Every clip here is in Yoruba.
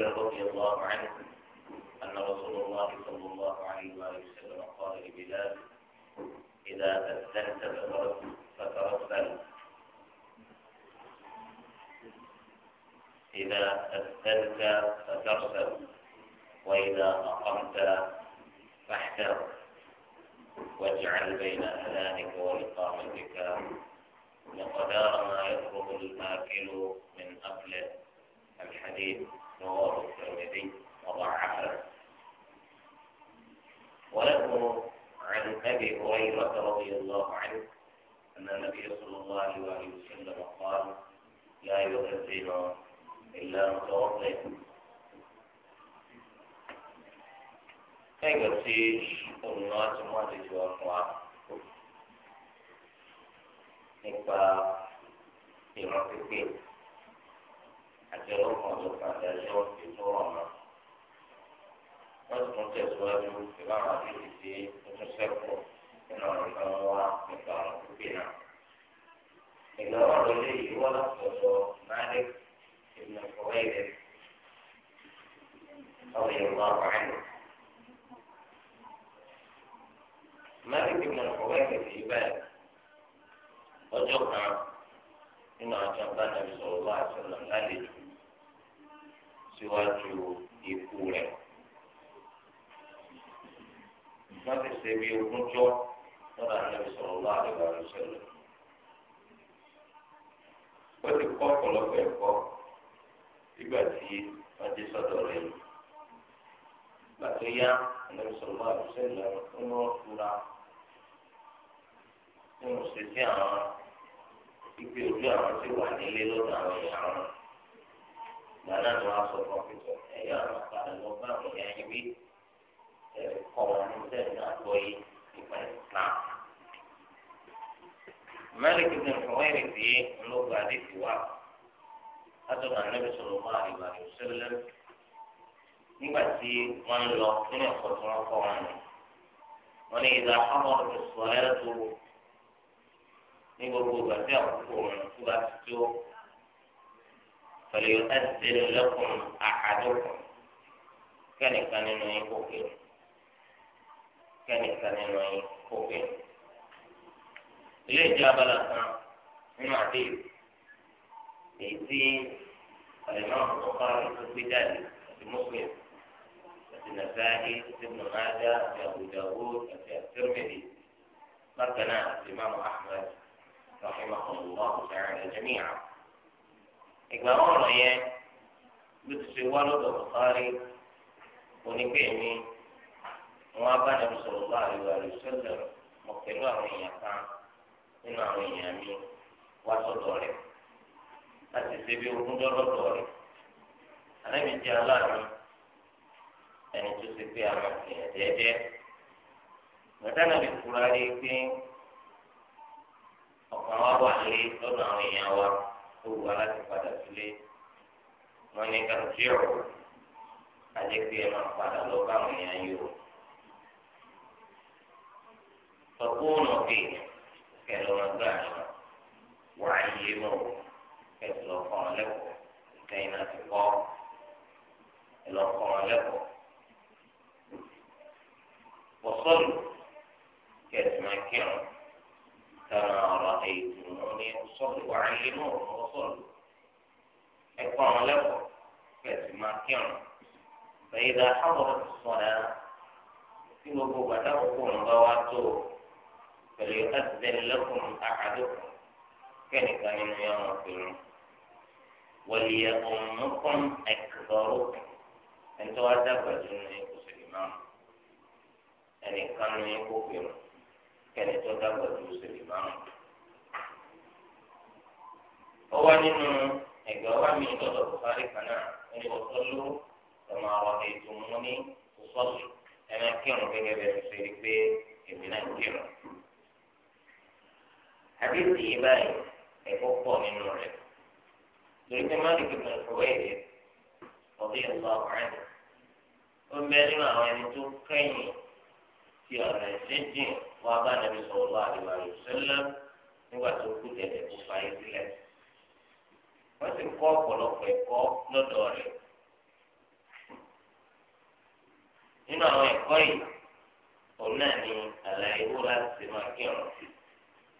هريرة رضي الله عنه أن رسول الله صلى الله عليه وآله وسلم قال لبلال إذا أذنت فترسل إذا أذنت فترسل وإذا أقمت láwọn àdìsí tí ó tún sẹ́kù nínú ọ̀rọ̀ tó wá nípa ọ̀rọ̀ pípé náà. إلى رجلي ولقد مالك بن خويلد رضي الله عنه مالك بن خويلد يبان وجهنا إن أجاب النبي صلى الله عليه وسلم لالج سواجه يقوله wọ́n ti ṣe bí ogúnjọ́ lọ́dọ̀ àlẹ́ sọ̀rọ̀ wá àdìgbà rẹ̀ sọ̀rọ̀. ó ti kọ́ ọ̀pọ̀lọpọ̀ ẹ̀kọ́ nígbà tí wọ́n ti sọ̀dọ̀ rẹ̀ yìí. nígbà tó yá àlẹ́ sọ̀rọ̀ wá àdìgbà sọ̀rọ̀ ó ní wọ́n fura ní òṣèṣẹ́ àwọn ìgbé ojú àwọn tí wà nílé lọ́dọ̀ àwọn èèyàn àwọn. ìgbà ni wọ́n á sọ fún ọ ẹ̀kọ́ wọn ní sẹ́yìn náà gbọ́ yé nípa islam. malik ibn huwairi ti ológun adéfi wa látọ̀nà anábì sọ̀rọ̀ mọ́ àdìgbà tó sẹ́lẹ̀ nígbà tí wọ́n lọ nínú ẹ̀kọ́ tí wọ́n kọ́ wọn ni wọ́n ní ìdá ọmọ rẹ̀ sọ ẹ́ tó ní gbogbo ìgbà tí àkókò wọn tó bá ti tó pẹ̀lú ẹ̀sìn lẹ́kùn àkàdùkùn kẹ́nìkan nínú yín kẹ́nìkan nínú yín kò bẹ́ẹ̀. ilé ìjọba bala kan nínú àdéhùn èyí tí àlèmọ́ ọ̀pá tó gbé jáde àti mọ́pẹ́ àti nàfẹ́àdé àti mọ̀nàdá àti àbùdàwó àti àtẹ́rẹ́mẹ́lì bákan náà àti mọ́mú ahmed rahimahullah ta'ala jami'a. ìgbà ọ̀rọ̀ yẹn ló ti ṣe wá lọ́dọ̀ bùkárí onígbẹ̀mí. wọn bá nàbí sọ̀rọ̀ bá àríwá rẹ̀ sọ́dọ̀ mọ̀ pẹ̀lú àwọn èèyàn kan nínú àwọn èèyàn mi wá sọ̀dọ̀ rẹ̀ láti ṣe bí ogún dọ́lọ́dọ̀ rẹ̀ ànábì jẹ́ aláàánú ẹni tó ṣe pé àwọn èèyàn jẹ́jẹ́ gbàdánà lè fura rí i pé ọ̀kan wa wà lé lọ́dọ̀ àwọn èèyàn wa tó wù láti padà sílé wọn ní kàtúntì ọ̀rọ̀ àjẹpẹ́ ẹ̀ máa padà lọ bá àwọn èèyàn yìí o. فكونوا فيه كالرزاق وعلموا كاللو قالكم كي نتقى لو قالكم وصلوا كالمكر كما رأيتموني أصلي وعلموهم وصلوا إقام لكم كالمكر فإذا حضرت الصلاة في وقوبة تقوم بواته فليؤذن لكم أحدكم كان كان يوم فيه وليؤمكم أكبركم أنت وأدب الجنة يقص الإمام يعني كانوا يكفرون كان يتدب الجنة الإمام هو أنه أجوا من جد البخاري كنا أن يصلوا كما رأيتموني أصلي أنا كنت بجد الشريك بي إبن الجنة حديث إيمان يقوم من نوره لأن مالك بن الحويرث رضي الله عنه ومن أن تكين في الرسجين وأبا النبي صلى الله عليه وسلم نواتو كتب كفاية لك wọ́n ti kọ́ ọ̀pọ̀lọpọ̀ ẹ̀kọ́ lọ́dọ̀ rẹ̀. nínú àwọn ẹ̀kọ́ yìí òun náà ni àlàyé wúrà ti máa kí ọ̀rọ̀ sí i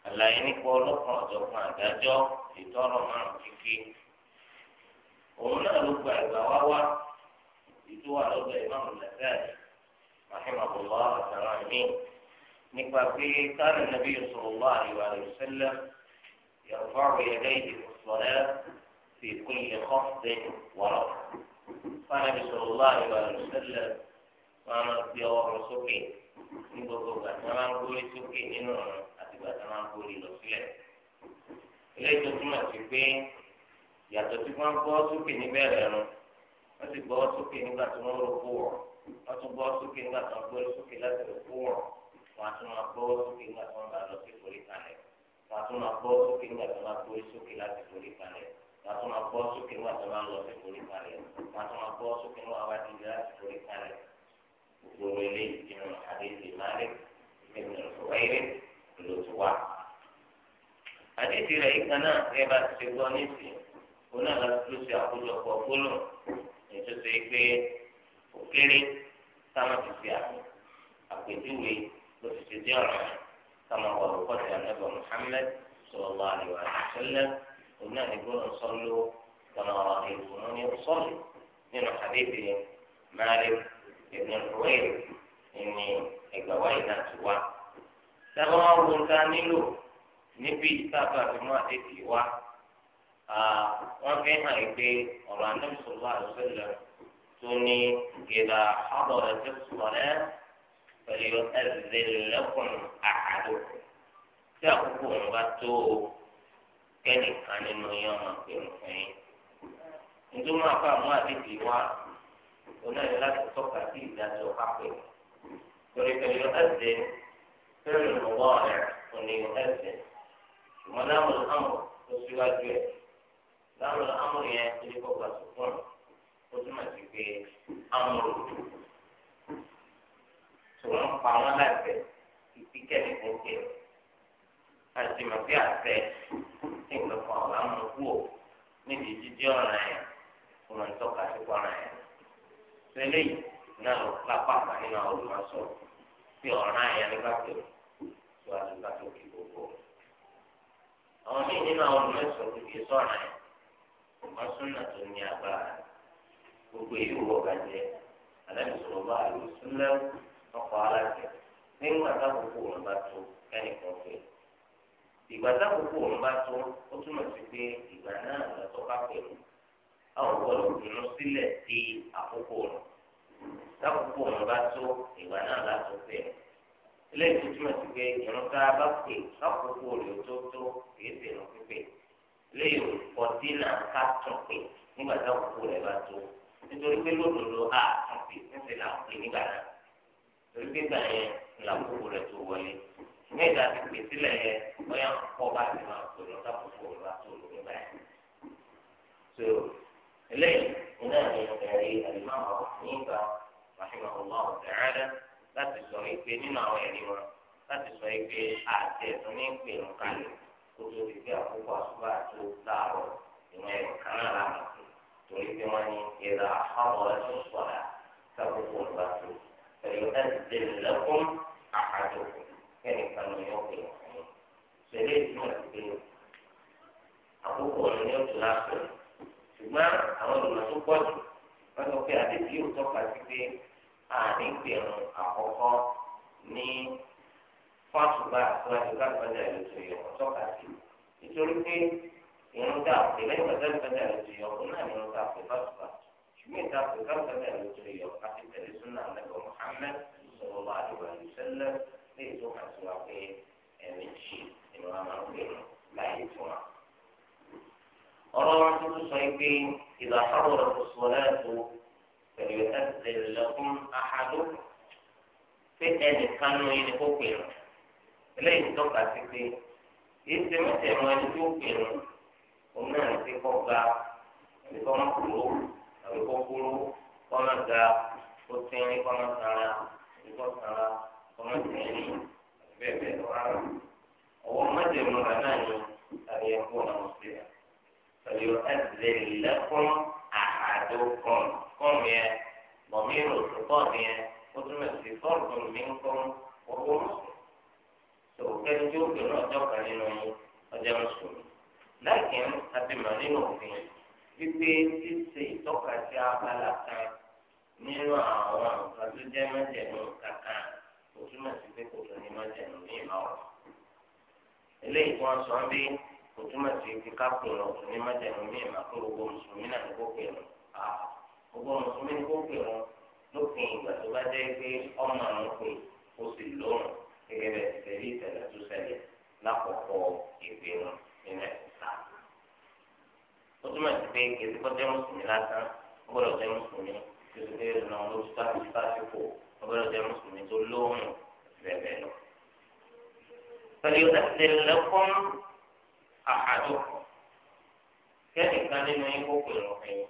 àlàyé nípa ọlọ́kan ọ̀jọ̀kan àdájọ́ ìtọ́rọ márùn kíkí òun náà ló gba ìgbà wá wá ìtú wà lọ́dọ̀ ìmáàmù nàìjíríà rahimahullah àtàrà mi nípa pé káàdì nàbí sallallahu alaihi wa sallam yarfa'u yadayhi fis-salati fi kulli khafdin wa raf'in fáànàbí sallallahu alaihi wa sallam wọn máa gbé ọwọ́ sókè ní gbogbo gbàtà ìgbà tí wọ́n á borí lọ sílẹ̀. ilé tó túmọ̀ sí pé yàtọ̀ tí wọ́n gbọ́ sókè níbẹ̀rẹ̀ rún wọ́n sì gbọ́ sókè nígbà tí wọ́n rò kó wọ̀ wọ́n tún gbọ́ sókè nígbà tí wọ́n gbọ́ sókè láti rò kó wọ̀ wọ́n á tún máa gbọ́ sókè nígbà tí wọ́n bá lọ sí forí kalẹ̀ wọ́n á tún máa gbọ́ sókè nígbà tí wọ́n bá gbọ́ sókè láti forí kalẹ̀ wọ́n á tún máa gbọ́ sókè nígbà tí wọ́n bá lọ sí forí kalẹ̀ wọ́n á tún máa gbọ́ sókè nígbà tí wọ́n láti forí kalẹ̀ gbogbo eléyìí ló ti wá. àdìsí rẹ̀ yìí kan náà ní bá ti ṣe gbọ́ nísìnyí òun náà láti ló ṣe àkójọpọ̀ gbólóhùn nítorí pé ó kéré táwọn ti ṣe àmì àpèjúwe ló ti ṣe dé ọ̀rọ̀ kama wà lóko ti ànábì Muhammad sallallahu alaihi wa sallam òun náà ní gbólóhùn sọ́lọ́ kama wà lóko ní sọ́lọ́ nínú àdìsí Malik ibn al-Huwayrith ìní ẹgbàá wáyé náà ti sábà wọn wo nǹkan nílò níbi sábà fi mú àdéhì wá wọn fi hàn yìí pé ọ̀rọ̀ anábìsọ̀lá àlùsọ̀lá tó ní ìgbéra ọ̀dọ̀rẹ̀ tó sọ̀rọ̀ pẹ̀lú ẹ̀zẹ̀lẹ́kùn àhàdó tí àkókò wọn bá tó kẹ́nìkan nínú yẹn wọn pè ń fún yín. nítorí wọn àfa mú àdéhì wá onáyọ̀ láti tọ́ka sí ìdájọ́ kápẹ́ torí pẹ̀lú فعل المضارع أن يؤذن ثم لام الأمر وسوى لام الأمر يعني فوق السكون وثم في أمر ثم قام لك في كلمة ممكن àti màfi àfẹ tí n lọ́kọ̀ ọ̀la mú kúò níbi jíjí ọ̀nà yẹn kò máa ń sí ọ̀nà yẹn. Sẹ́lẹ̀ yìí náà lápá nínú àwọn tí yẹn nígbà tó síwájú ká tó kí gbogbo. àwọn míì nínú àwọn olùmọ̀sán olùkè sọ̀rọ̀ ẹ̀ ọ̀gá súnà tó ní agbára gbogbo èyí wò bàjẹ́ àlẹ́ sọ̀rọ̀ bá àlù sílẹ̀ ọkọ̀ aláṣẹ nígbà òun bá tó fẹ́ ìgbà òun bá tó ó túmọ̀ sí pé ìgbà náà lọ́tọ́ bá àwọn gbọ́dọ̀ dùnú sílẹ̀ àkókò òun eléyìí túmọ̀ sí pé ìrún tá a bá pè lọ́kòókò rẹ̀ tó tó kìí ṣe ìrún pípé léyìn kò dínà ká tún pè nígbà tá àkókò rẹ̀ bá tó nítorí pé lódodo a tún pè níṣẹ́ là ń pè nígbà náà torí pé gbà yẹn làkókò rẹ̀ tó wọlé ní ìdá ti pè sílẹ̀ yẹn bóyá kọ́ bá ti máa pè lọ tá rẹ̀ bá tó nígbà yẹn. so eléyìí iná ni ẹ̀rí àlùmáà nígbà màṣíwájú ọ̀gá ọ̀gá láti sọ ìpè nínú àwọn ẹ̀rí wọn láti sọ ìpè àti ẹ̀sùn ní ìpè nǹkan kó tó ti fi àkókò àsùbá àti láàárọ̀ ìwọ̀n ẹ̀rọ kan náà lánàá tó torí pé wọ́n ní ìlà àkọ́kọ́ ẹ̀sùn sọ̀dà sábòkò ọ̀gbà tó pẹ̀lú ẹ̀sìn lẹ́kùn àkàtò kẹ́ni kan ní ọ̀pẹ̀ ìwọ̀n ṣẹlẹ̀ ìtumọ̀ sí pé àkókò ọ̀nà ní ọ̀tún láàpẹ̀ ṣùgbọ́n àwọn olùmọ̀ tó pọ̀ jù wọ́n sọ pé àdébíyò àní gbẹ̀rún àkọ́kọ́ ní fásùgbà àtúwájú káfíńtà ìlú tó yọ ọ̀tọ́ka sí nítorí pé ìrún tá a pè lẹ́yìn káfíńtà ìlú tó yọ ọ̀tọ́ náà ni wọ́n tá a pè fásùgbà ṣùgbọ́n ìta pè káfíńtà ìlú tó yọ ilu tẹ̀lé súnà àlẹ́kọ̀ Muhammad sọ̀rọ̀ wà àdìgbà ìṣẹ̀lẹ̀ lè tó kà sí wa pé ẹ̀mí jì nínú wa máa ń gbẹ̀rún láyé fún wa. ọ̀rọ̀ wa ti فليؤذن لكم أحدكم pé ẹnìkan nù yín ni kó pè rùn eléyìí tọ́ka sí pé yìí ṣe mẹ́tẹ̀ẹ̀mọ ẹni tó pè rùn òun náà ní pé kọ́ ga àbí kọ́ máa àbí kọ́ kúrò kọ́ máa ga kó tẹ́rín kọ́ máa sara àbí kọ́ sara kọ́ máa tẹ́rín àti bẹ́ẹ̀ bẹ́ẹ̀ lọ rárá ọwọ́ mẹ́tẹ̀ẹ̀mọ rẹ̀ náà ni àbí ẹ̀kọ́ ọ̀nà ọ̀sẹ̀ àbí ọ̀sẹ̀ lẹ́kọ́ أحدكم قم يا ضمير الخطاب يا قدمة في فرد منكم وهو مسلم سو كان جوك الرجل كان ينوي ọjọ́ mùsùlùmí láìpẹ́ àti mọ̀ nínú òfin wípé ṣíṣe ìtọ́ka sí abala kan nínú àwọn nǹkan tó jẹ́ májẹ̀mú kàkà kò túmọ̀ sí pé kò tó ní májẹ̀mú ní ìmọ̀ ọ̀rọ̀ eléyìí tí wọ́n sọ ń bí kò túmọ̀ lọ ní májẹ̀mú ní ìmọ̀ kó náà ní gbogbo ìrùn ọgbọ́n mùsùlùmí kó pè wọn lópin ìgbà tó bá jẹ́ pé ọmọ àwọn pè ó sì lóorùn gẹ́gẹ́ bẹ́ẹ̀ tẹ̀lé ìtẹ̀lẹ̀ tó ṣẹlẹ̀ lákòókò ìpè wọn nínú ẹ̀ka. ó túmọ̀ sí pé kìí kọ́ jẹ́ mùsùlùmí lásán ó gbọ́dọ̀ jẹ́ mùsùlùmí tó ti pé ìrìnà olóṣùpá ti fásitì ó gbọ́dọ̀ jẹ́ mùsùlùmí tó lóorùn bẹ́ẹ̀ bẹ́ẹ̀ lọ. فليؤذن لكم أحدكم كان كان يقول الرحيم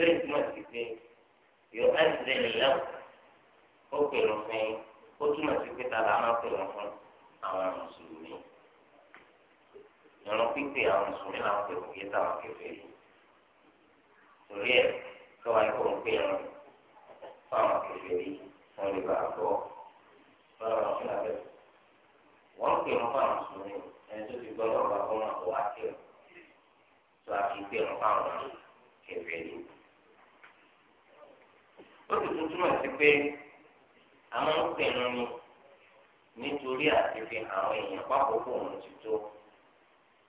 eléyìí tí wọ́n ti pé yóò ẹ̀sìn ìlẹ́wọ̀ ó pèrò fún yín ó túmọ̀ sí pé tàbí àwọn pèrò fún àwọn mùsùlùmí ìrún pípé àwọn mùsùlùmí làwọn pèrò yé táwọn kẹfẹ́ yìí torí ẹ̀ tó wáyé kó ń pè wọn fún àwọn kẹfẹ́ yìí wọ́n lè bàa bọ́ fún àwọn mùsùlùmí abẹ́ wọ́n pè wọn fún àwọn mùsùlùmí ẹni tó ti gbọ́ bá wọn kó wá tó a kì pè wọn fún àwọn kẹfẹ́ yìí ó sì tún túmọ̀ sí pé àwọn ń pinnu ni nítorí àti fi àwọn èèyàn pápákọ̀ òun ti tó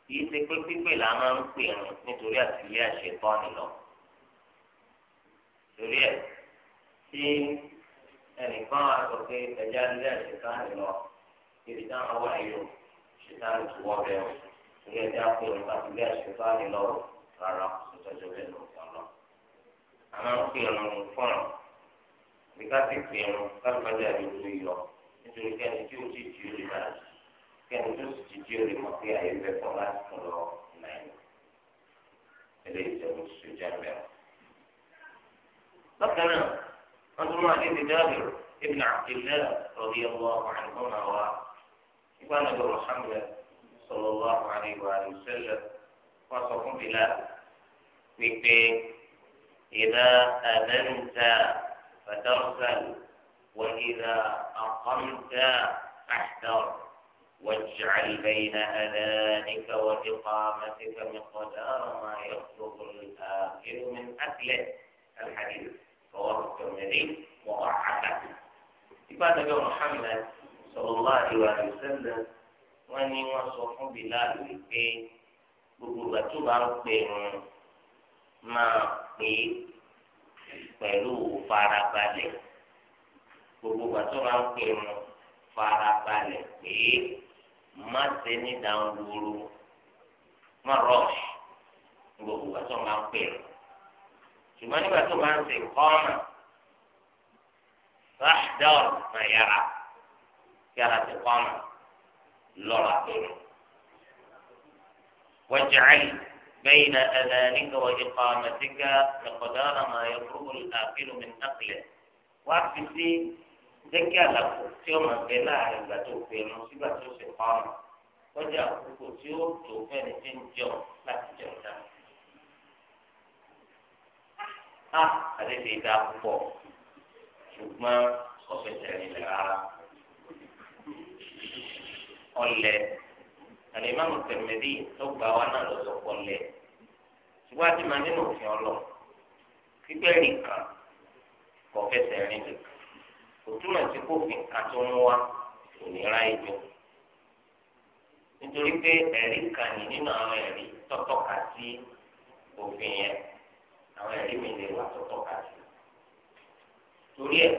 kìí ṣe pé pípè là máa ń pinnu nítorí àti ilé àṣetọ́ni lọ torí ẹ̀ tí ẹnìkan á sọ pé ẹja ilé àṣetọ́ni lọ ibi táwọn wà yìí o ṣètàlù tó wọ́ bẹ́ẹ̀ o torí ẹja pinnu láti ilé àṣetọ́ni lọ rárá ìtọ́jú bẹ́ẹ̀ ló ń sọ lọ ń pinnu fọ́nrán. nígbà tí kì í rún kálífàjà yóò tó yọ nítorí kẹ́ni tí ó ti jí ó lè máa kẹ́ni tó sì ti jí ó lè mọ̀ pé àyè bẹ̀ fún láti tún lọ nàìjíríà eléyìí tó ń sojà mẹ́rin. bákan náà wọ́n tún máa dé ìdájọ́ ابن عبد الله رضي الله عنهما وعنه يقال له محمد صلى الله عليه وآله وسلم وصف بلال ويقول إذا أذنت فترسل وإذا أقمت فاحذر واجعل بين أذانك وإقامتك مقدار ما يطلب الآخر من أكله الحديث رواه الترمذي وضعفه إبادة محمد صلى الله عليه وسلم وأني ní wọ́n sọ بقوة Bilal ما pẹ̀lú farabalẹ̀ gbogbo gbàtọ́ máa ń pè wọn farabalẹ̀ pé má ṣe ní dáńgóró má rọ́ọ̀ṣì gbogbo gbàtọ́ máa ń pè wọn ṣùgbọ́n nígbà tó máa ń ṣe kọ́ọ̀nà ráṣdọ́ọ̀ máa yára yára ṣe kọ́ọ̀nà lọ́ra pé wọ́n jẹ́ àyè. بين أذانك وإقامتك مقدار ما يفرغ الآكل من أكله واحد في ذكي على كوسيوم بلا عيبة في مصيبة سقام وجاء كوسيوم توفين تنجو لا تنجو ها àdéhùn ìdá púpọ̀ شكما خفت tẹ̀lé rárá alimami tẹmẹdì tó gbà wá náà lọ sọpọ lẹ ṣùgbọ́n àti màá nínú òfin ọlọ gbígbẹ́ nìkan kò fẹsẹ̀ rìn lè kò túmọ̀ sí kófin kan tó ń wá òníra ìjọ nítorí pé ẹ̀rí kan ní nínú àwọn ẹ̀rí tọ́tọ́ka sí òfin yẹn àwọn ẹ̀rí mi lè wà tọ́tọ́ka sí torí ẹ̀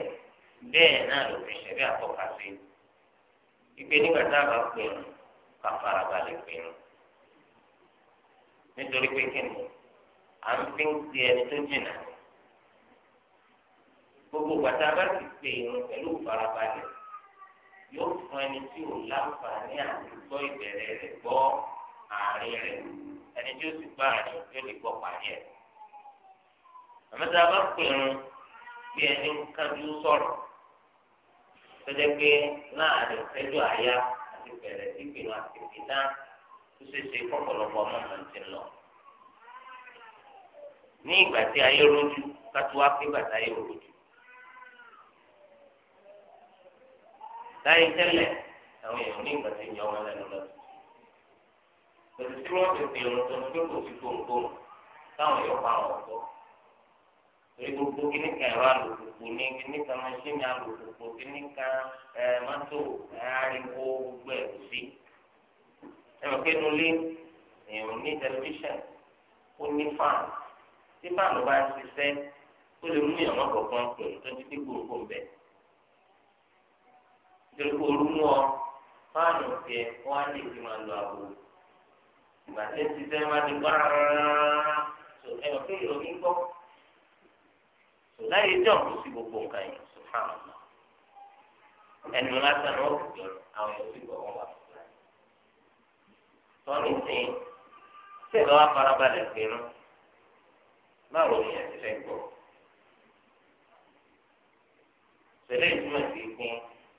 bẹ́ẹ̀ náà lòfin ṣẹ̀rí àtọ́ka sí ìpè nígbà tá a bá pè é ká farabalẹ̀ pinnu nítorí pé kí ni à ń fi ń ti ẹni tó jìnnà gbogbo gbàtà bá ti pè é pẹ̀lú farabalẹ̀ yóò fún ẹni tí ò láǹfààní àti gbọ́ ìbẹ̀rẹ̀ rẹ̀ gbọ́ àárín rẹ̀ ẹni tí ó sì gbọ́ àárín yóò lè gbọ́ pàdé ẹ̀. àmọ́tá bá pinnu bí ẹni ń kájú sọ̀rọ̀ tó jẹ́ pé láàrin ìṣẹ́jú àyà bẹ̀rẹ̀ sí pinnu àti ìdá tó ṣe ṣe kọ́pọ̀lọpọ̀ ọmọ náà ti lọ. ní ìgbà tí ayé rojú kátó wá pé bàtà ayé rojú. láyé tẹ́lẹ̀ àwọn èèyàn ní ìgbà tí ìyá wọn lẹ́nu lọ. pẹ̀lú tí wọ́n ti fi ohun tó ń gbé kò sí gbòǹgbòǹ táwọn èèyàn pa àwọn ọ̀dọ́ èyí gbogbo kìíní kan ẹ̀rọ alùpùpù ní kìíní kan mọ́ṣíìnì alùpùpù kìíní kan mọ́tò ariwo gbogbo ẹ̀ kò sí. ẹ mọ̀ pé nulẹ̀ èèyàn ní tẹlifíṣàn ó ní fáàn tí fáànù bá ń ṣiṣẹ́ ó lè mú ìyàwó kọ̀ọ̀kan pè tó ti dín gbòǹgbò bẹ̀. nítorí pé olú mú ọ fáànù tiẹ̀ wọ́n á lè fi máa lo àbò ìgbà tí ń ṣiṣẹ́ máa di gbàrà ẹ mọ̀ pé ìròyìn gbọ́ láyé jọ kò sí gbogbo nǹkan yìí sùfàmù ẹnu lásán ni wọn kò jọ àwọn yòókù ìgbà wọn wà tọ́lú sìn sẹ́ẹ̀dọ́ wa farabalẹ̀ pinnu báwo ni ẹ̀ ti fẹ́ gbọ́ sẹ́lẹ̀ ìtumọ̀ sí pín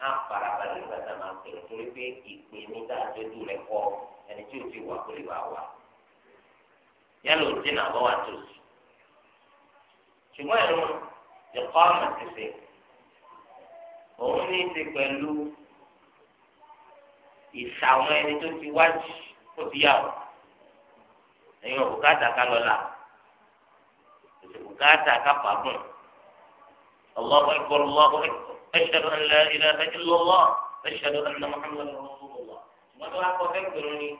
á farabalẹ̀ gbàdá máa pinnu torí pé ìpè níta àjọjú rẹ̀ kọ́ ẹni tí o ti wà kó lè wà wà yálà òjì náà bọ́ wà tó sí ṣùgbọ́n ẹ̀rọ ìkọ́ àmọ̀ ti ṣe òun ní í ṣe pẹ̀lú ìṣàwọn ẹni tó ti wájú kó ti yà wọ́n ẹ̀yin òbúkátà ká lọ́la òbúkátà ká fàgùn ọlọ́wọ́ ẹ̀kọ́ ọlọ́wọ́ ẹ̀ṣẹ̀ ló ń lẹ ilẹ̀ ẹ̀ṣẹ̀ lọ́wọ́ ẹ̀ṣẹ̀ ló ń lẹ mọ́hàmmed rọ́ṣọ́lọ́wọ́ wọ́n tó wá kọ́ ẹ̀kọ́ ọlọ́wọ́ ẹ̀yìn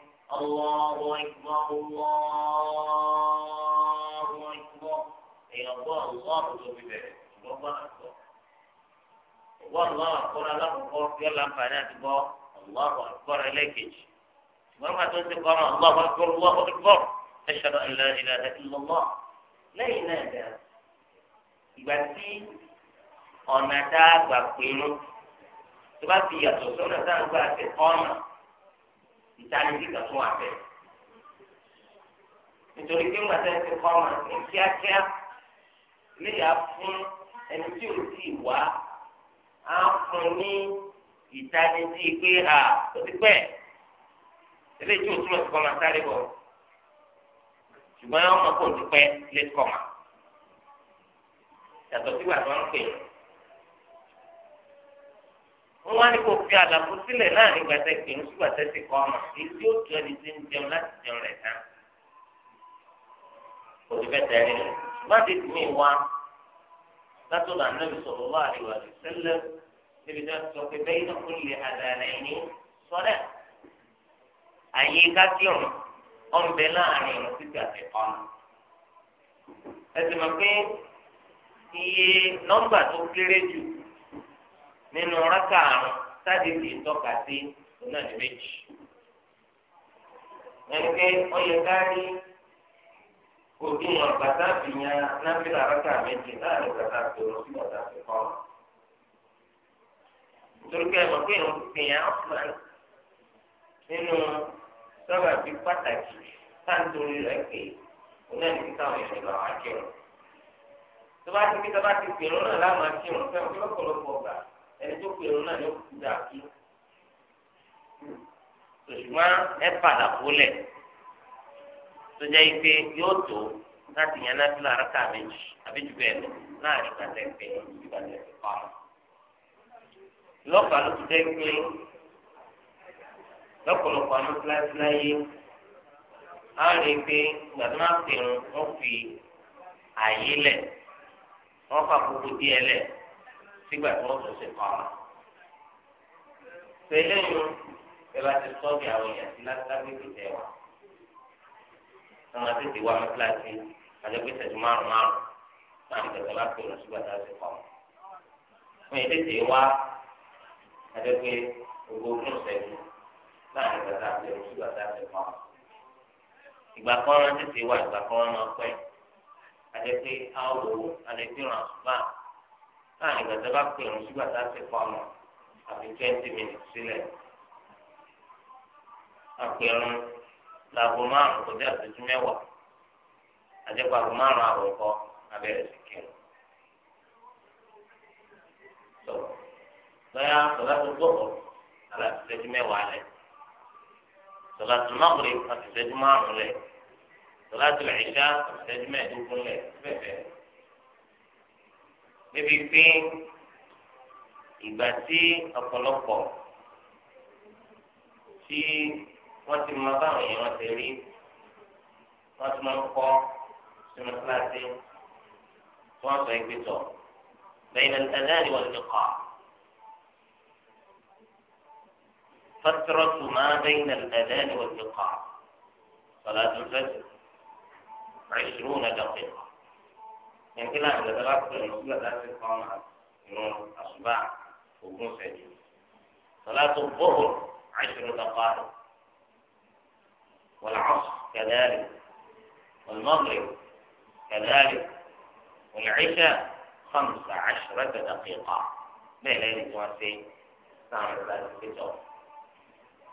ọgbọ́n ọlọ́wọ́ tó fi bẹ̀rẹ̀ gbọ́gbọ́n àtọ wọ́n lọ́wọ́ àkọ́rọ́ alákọ̀ọ́kọ́ yọ láǹfààní àti gbọ́ ọlọ́wọ́ àkọ́rọ́ ẹlẹ́ẹ̀kejì ṣùgbọ́n bàtà ó ti kọ́ ọmọ ọlọ́wọ́ àkọ́rọ́ ọlọ́wọ́ àkọ́rọ́ ashhadu an la ilaha illallah lẹ́yìn náà dà ìgbà tí ọ̀nà tá a gbà pinnu tó bá ti yàtọ̀ sọ́nà tá a gbà ti ọ̀nà ìtàlẹ́jì kan tún wà bẹ́ẹ̀ nítorí pé wọn àti ẹsẹ̀ ẹni tí o ti wá á fún ní ìtanijí pé a ó ti pẹ́ eléyìí tí o túmọ̀ sí kọ́má sáré bọ̀ ṣùgbọ́n ọmọ kò ti pẹ́ lé kọ́má yàtọ̀ sígbà tí wọ́n ń pè é wọ́n wá ní kó fi àlàfo sílẹ̀ láàrin gbàtẹ́ kìíní sí gbàtẹ́ ti kọ́ èyí tí ó jọ ní ti ń jẹun láti jẹun rẹ̀ tán. òṣìfẹ́ tẹ̀lé má ti tì mí látọ̀dọ̀ ànábì sọ̀rọ̀ wá àríwá àti sẹ́lẹ̀ níbi tí wọ́n sọ pé bẹ́ẹ̀ náà kò lè àdàlẹ́ ẹni sọ́dẹ̀. àyè kákíọ̀n ọ̀nbẹ láàrin ọ̀rọ̀ títí àti ọ̀nà. ẹ sì mọ̀ pé iye nọ́mbà tó kéré jù nínú rákà àrùn sáde ti sí náà ní méjì. ẹnikẹ́ ọ̀yẹ̀ká rí òdiwọ̀n bàtà fìyàn nábìlà rákà méjì láàrin bàtà tòrò sí bàtà fìkọ́ nítorí pé ẹ̀mọ́ pé ìrùn fìyàn ọ̀sán nínú sábà bíi pàtàkì sáńtórí rẹ̀ pé òun náà ní kíkà àwọn èèyàn lọ́wọ́ akérò tó bá ti kí sábà ti pèrò náà láwọn akérò fẹ́ wọn lọ́pọ̀lọpọ̀ ọ̀gá ẹni tó pèrò náà ló kú kí òṣùwọ̀n ẹ̀ padà kólẹ̀ tó jẹ́ ike yóò tó láti yan náà fúlà rákà méjì àbí jù bẹ́ẹ̀ lọ láàrin gbàtẹ́ pé gbàtẹ́ pé pa ọ́. lọ́pàá ló ti jẹ́ ike lọ́pọ̀lọpọ̀ àwọn kíláàsì láyé á rí i pé gbàdúrà pèrún wọ́n fi àyè lẹ̀ wọ́n fà gbogbo díẹ̀ lẹ̀ sígbà tí wọ́n tún pa ọ́. pẹ̀lú ẹ̀yìn ẹ̀ bá ti àwọn èèyàn sí lágbègbè tẹ̀ wá wọn máa tètè wá mẹsàlásì àjẹpẹ ìṣẹ́jú márùn márùn láti tẹsán láti pè lọsùgbà tá a ti kọ wọn yìí tètè wá àjẹpẹ ogógún ìṣẹ́jú láti tẹsán láti pè lọsùgbà tá a ti kọ ìgbà kan wọn tètè wá ìgbà kan wọn máa pẹ́ àjẹpẹ àwọ àjẹpẹ ràn bá láàrin ìgbà tó bá pè lọsùgbà tá a ti kọ ọmọ twenty minutes sílẹ̀ àpẹẹrùn. laago márùn kò sí àtúntò mẹ́wàá àjẹpọ̀ àgọ́ márùn àkọ́kọ́ abẹ́rẹ́ sí kírun. tó tó gbọ́kọ̀ àlà àtúntò mẹ́wàá lẹ̀ sọ̀lá tó mọ́kùnrin àtúntò márùn lẹ̀ sọ̀lá tó lẹ́yìnká àtúntò mẹ́ẹ̀ẹ́dógún lẹ̀ fẹ́fẹ́. níbi pé ìgbà tí wọ́n ti mọ báwọn èèyàn ti rí wọ́n ti mọ kọ́ sínú kíláàsì wọ́n sọ ẹgbẹ́ tọ̀ bẹ́ẹ̀ ni ẹ̀dáàrí wọn ti kọ́ فترة ما بين الأذان والإقامة صلاة الفجر عشرون دقيقة يعني كلا عند ثلاثة المسؤولة ثلاثة إقامة نور أصبع وقوم صلاة الظهر عشر دقائق والعصر كذلك والمغرب كذلك والعشاء خمس عشرة دقيقة بين واسي سامع بعد الفجر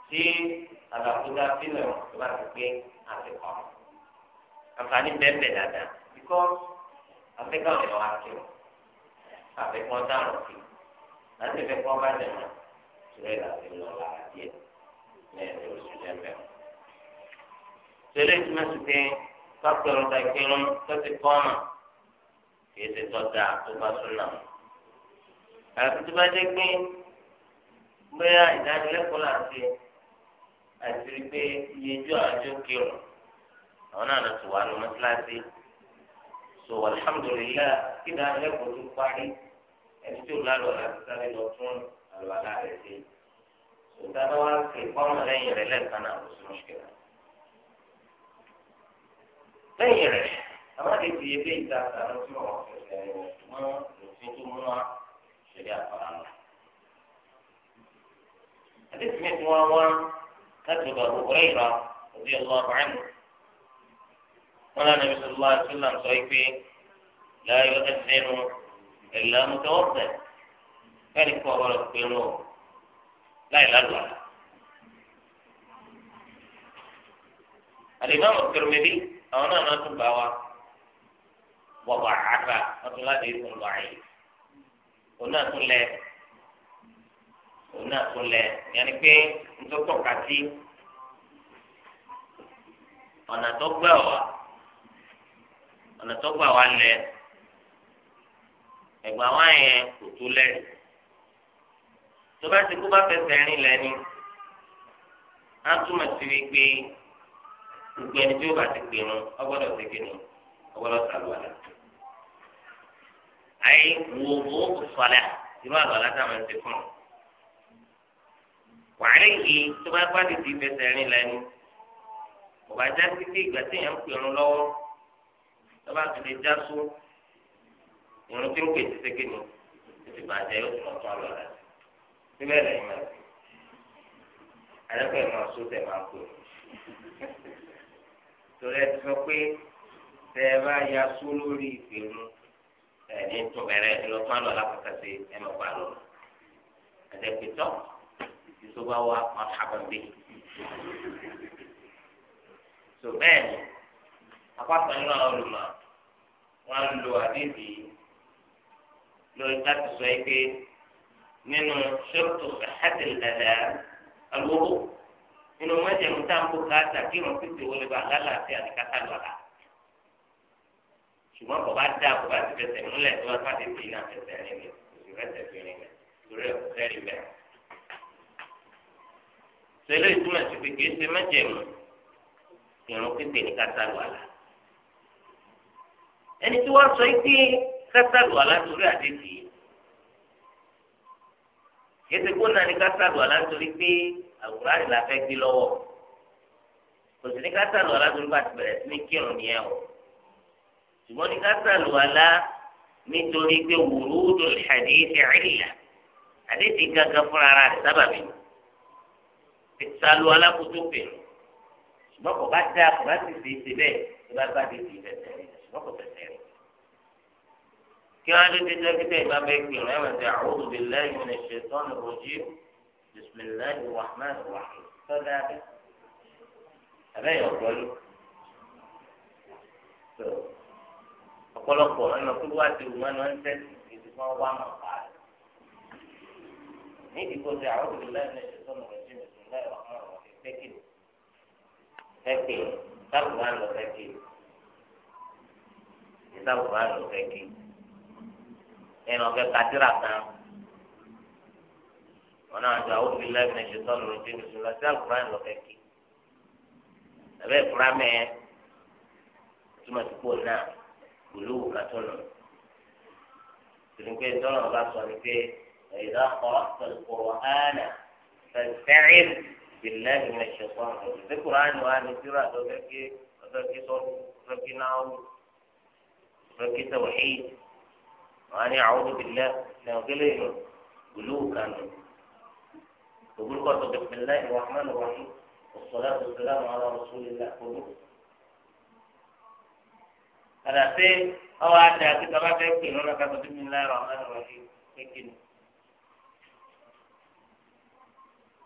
في هذا كذا في لهم بين بين هذا القمر أفعالي بين بين because أفكار لو أكيد في دارو فيه láti fi kọ́ bá jẹ̀mọ́ sílẹ̀ láti lọ lára díẹ̀ lẹ́yìn tó ṣe jẹ́ mẹ́rin. tẹ́lẹ̀ tí wọ́n ti pín kápẹ́rù takirun tó ti kọ́mà kìí ṣe tọ́jà tó bá súnà. àti tó bá dé pé bóyá ìdánilẹ́kọ̀ọ́ láti àti rí pé iyejú àjọ kírun àwọn náà lọ sí wà ní mọ́tíláṣí. so alhamdulilayi kí ìdánilẹ́kọ̀ọ́ tó parí ẹni tí ò lálọ́ láti sáré lọ tún àlọ́ àlá rẹ̀ sí. ìdáná wa ń pè kọ́mà lẹ́yìn rẹ̀ lẹ́ẹ̀kan náà lọ sí mọ́ṣíkẹ́lá. lẹ́yìn rẹ̀ amáde ti yẹ bẹ́ẹ̀ ta ta lọ sí ọ̀rọ̀ fẹsẹ̀ mọ́ òfin tó múná ṣẹlẹ̀ àfàrà lọ. àdéhùn mi wá wá láti ọ̀dọ̀ àbúkọ ìrà òbí ọlọ́ àbáyé wọn lánà bí sọlá sílám sọ pé láyọ̀ ẹsẹ̀nu ẹ̀là mọ́tọ́wọ́sẹ̀ fẹ́ẹ́ni kọ́ ọ̀rọ̀ pẹ̀lú láì lálùwà. الإمام الترمذي àwọn náà máa tún bá wa wọ̀bà àgbà wọ́n láti ìfún lọ àyè òun náà tún lẹ òun náà tún lẹ yẹn pé ntọ́tọ̀ kàtí ọ̀nà tó ọ̀nà tó gbà wá lẹ yẹn kò tó lẹ tó bá ti bá fẹsẹ̀ rìn lẹ́ni gbogbo ẹni tí ó bá ti pè wọn ọgbọ́dọ̀ sí kí ni ọgbọ́dọ̀ sàlùwàlà. wo wo sọlá irú àlọ́lá tá a máa ń ti fún un. wàhálà yìí tó bá bá dìde ìfẹsẹ̀ rìn lẹ́nu kò bá já sí pé ìgbà tí èèyàn ń pè wọn lọ́wọ́ tó bá ti lè já só ìrún tí ń pè sí kí ni ó ti bàjẹ́ yóò tún ọ̀tún àlọ́lá síbẹ̀ lẹ́yìn máa ti àdàpọ̀ ẹ̀ máa só tẹ̀ máa pè é torí ẹ ti sọ pé tẹ ẹ bá ya só lórí ìpinnu ẹ ní tó bẹ̀rẹ̀ ìlọtọ àlọ alákàtàsí ẹ mọ pa lọ àdẹpẹtọ ìṣòwò wa máa ṣàbọn bí so bẹ́ẹ̀ ni apáta nínú àwọn olùmọ̀ wọn lo àdéhì lórí láti sọ yìí pé nínú ṣètò ẹhẹtìlẹlẹ alówó nínú mẹ́jẹ̀mú tá à ń kó káàtà kí irun pípé wọlé bá lálàáfíà àti kátà lọ la ṣùgbọ́n bàbá dá bàbá ti fẹsẹ̀ múlẹ̀ tó wá ti fi iná fẹsẹ̀ rìn lẹ̀ oṣù fẹsẹ̀ fi rìn lẹ̀ torí ẹ̀ kò fẹ́ẹ́ rí bẹ́ẹ̀. sẹ́lẹ̀ ìtumọ̀ sí pé kìí ṣe mẹ́jẹ̀mú irun pípé ní kátà lọ la ẹni tí wọ́n sọ yìí pé kátà lọ la torí àdéhìí kìí ṣe kó nani kátà lọ la torí pé àwòrán ìlà fẹ́ gbé lọ́wọ́ kò sí ní ká sàlù àlá torí bá ti bẹ̀rẹ̀ sí ní kírun nìyẹn o ṣùgbọ́n ní ká sàlù àlá nítorí pé wùrúdù hadithi ìlà àdéhìí gángan fúnra rẹ̀ sábàbí sàlù àlá kò tó pè ṣùgbọ́n kò bá dáa kò bá sì ṣe é ṣe bẹ́ẹ̀ tó bá bá dé ìdílé tẹ̀lé ṣùgbọ́n kò tẹ̀lé rẹ̀. kí wọ́n á dé dé dẹ́kítẹ́ ìbá bẹ́ẹ̀ gbìyànjú ẹ̀ بسم الله الرحمن الرحيم فذلك أبي أقول ọ̀pọ̀lọpọ̀ ẹnu tó wá ti wù mọnú ẹnsẹ ìdí kan wá mọ pààlà ní ìdíkò tí àwọn òbí lẹ́nu ẹsẹ tó nùrọ sí mẹsùn lẹ́yìn ọmọ ọmọ fi fẹkì fẹkì táwọn bá lọ fẹkì táwọn bá lọ fẹkì ẹnu ọfẹ kátìrà kan ọ̀nà àti àwọn òbí láì ní ṣe tọ́lù rẹ̀ bíi bísí lọ́sí àkùrán lọ kẹ́kì ẹ̀bẹ́ ìkùrán mẹ́ẹ̀ túmọ̀ sí pò náà kùlù kàtúnù tìrìkẹ́ tọ́lù ọba sọ ni pé ẹ̀yìnlá kọ́rọ́ tẹ̀lifọ̀rọ̀ hánà fẹ̀sẹ̀rìn bìlẹ̀ ní ṣe tọ́lù rẹ̀ bíi kùrán wa ni tíra lọ́kẹ́kẹ́ lọ́kẹ́kẹ́ sọ́ọ̀rù lọ́kẹ́kẹ́ náà lọ́kẹ́kẹ́ tẹ̀wọ̀ يقول قد بسم الله الرحمن الرحيم والصلاة والسلام على رسول الله قلوب أنا في أو أنت أكيد ما تكفي لنا قد بسم الله الرحمن الرحيم لكن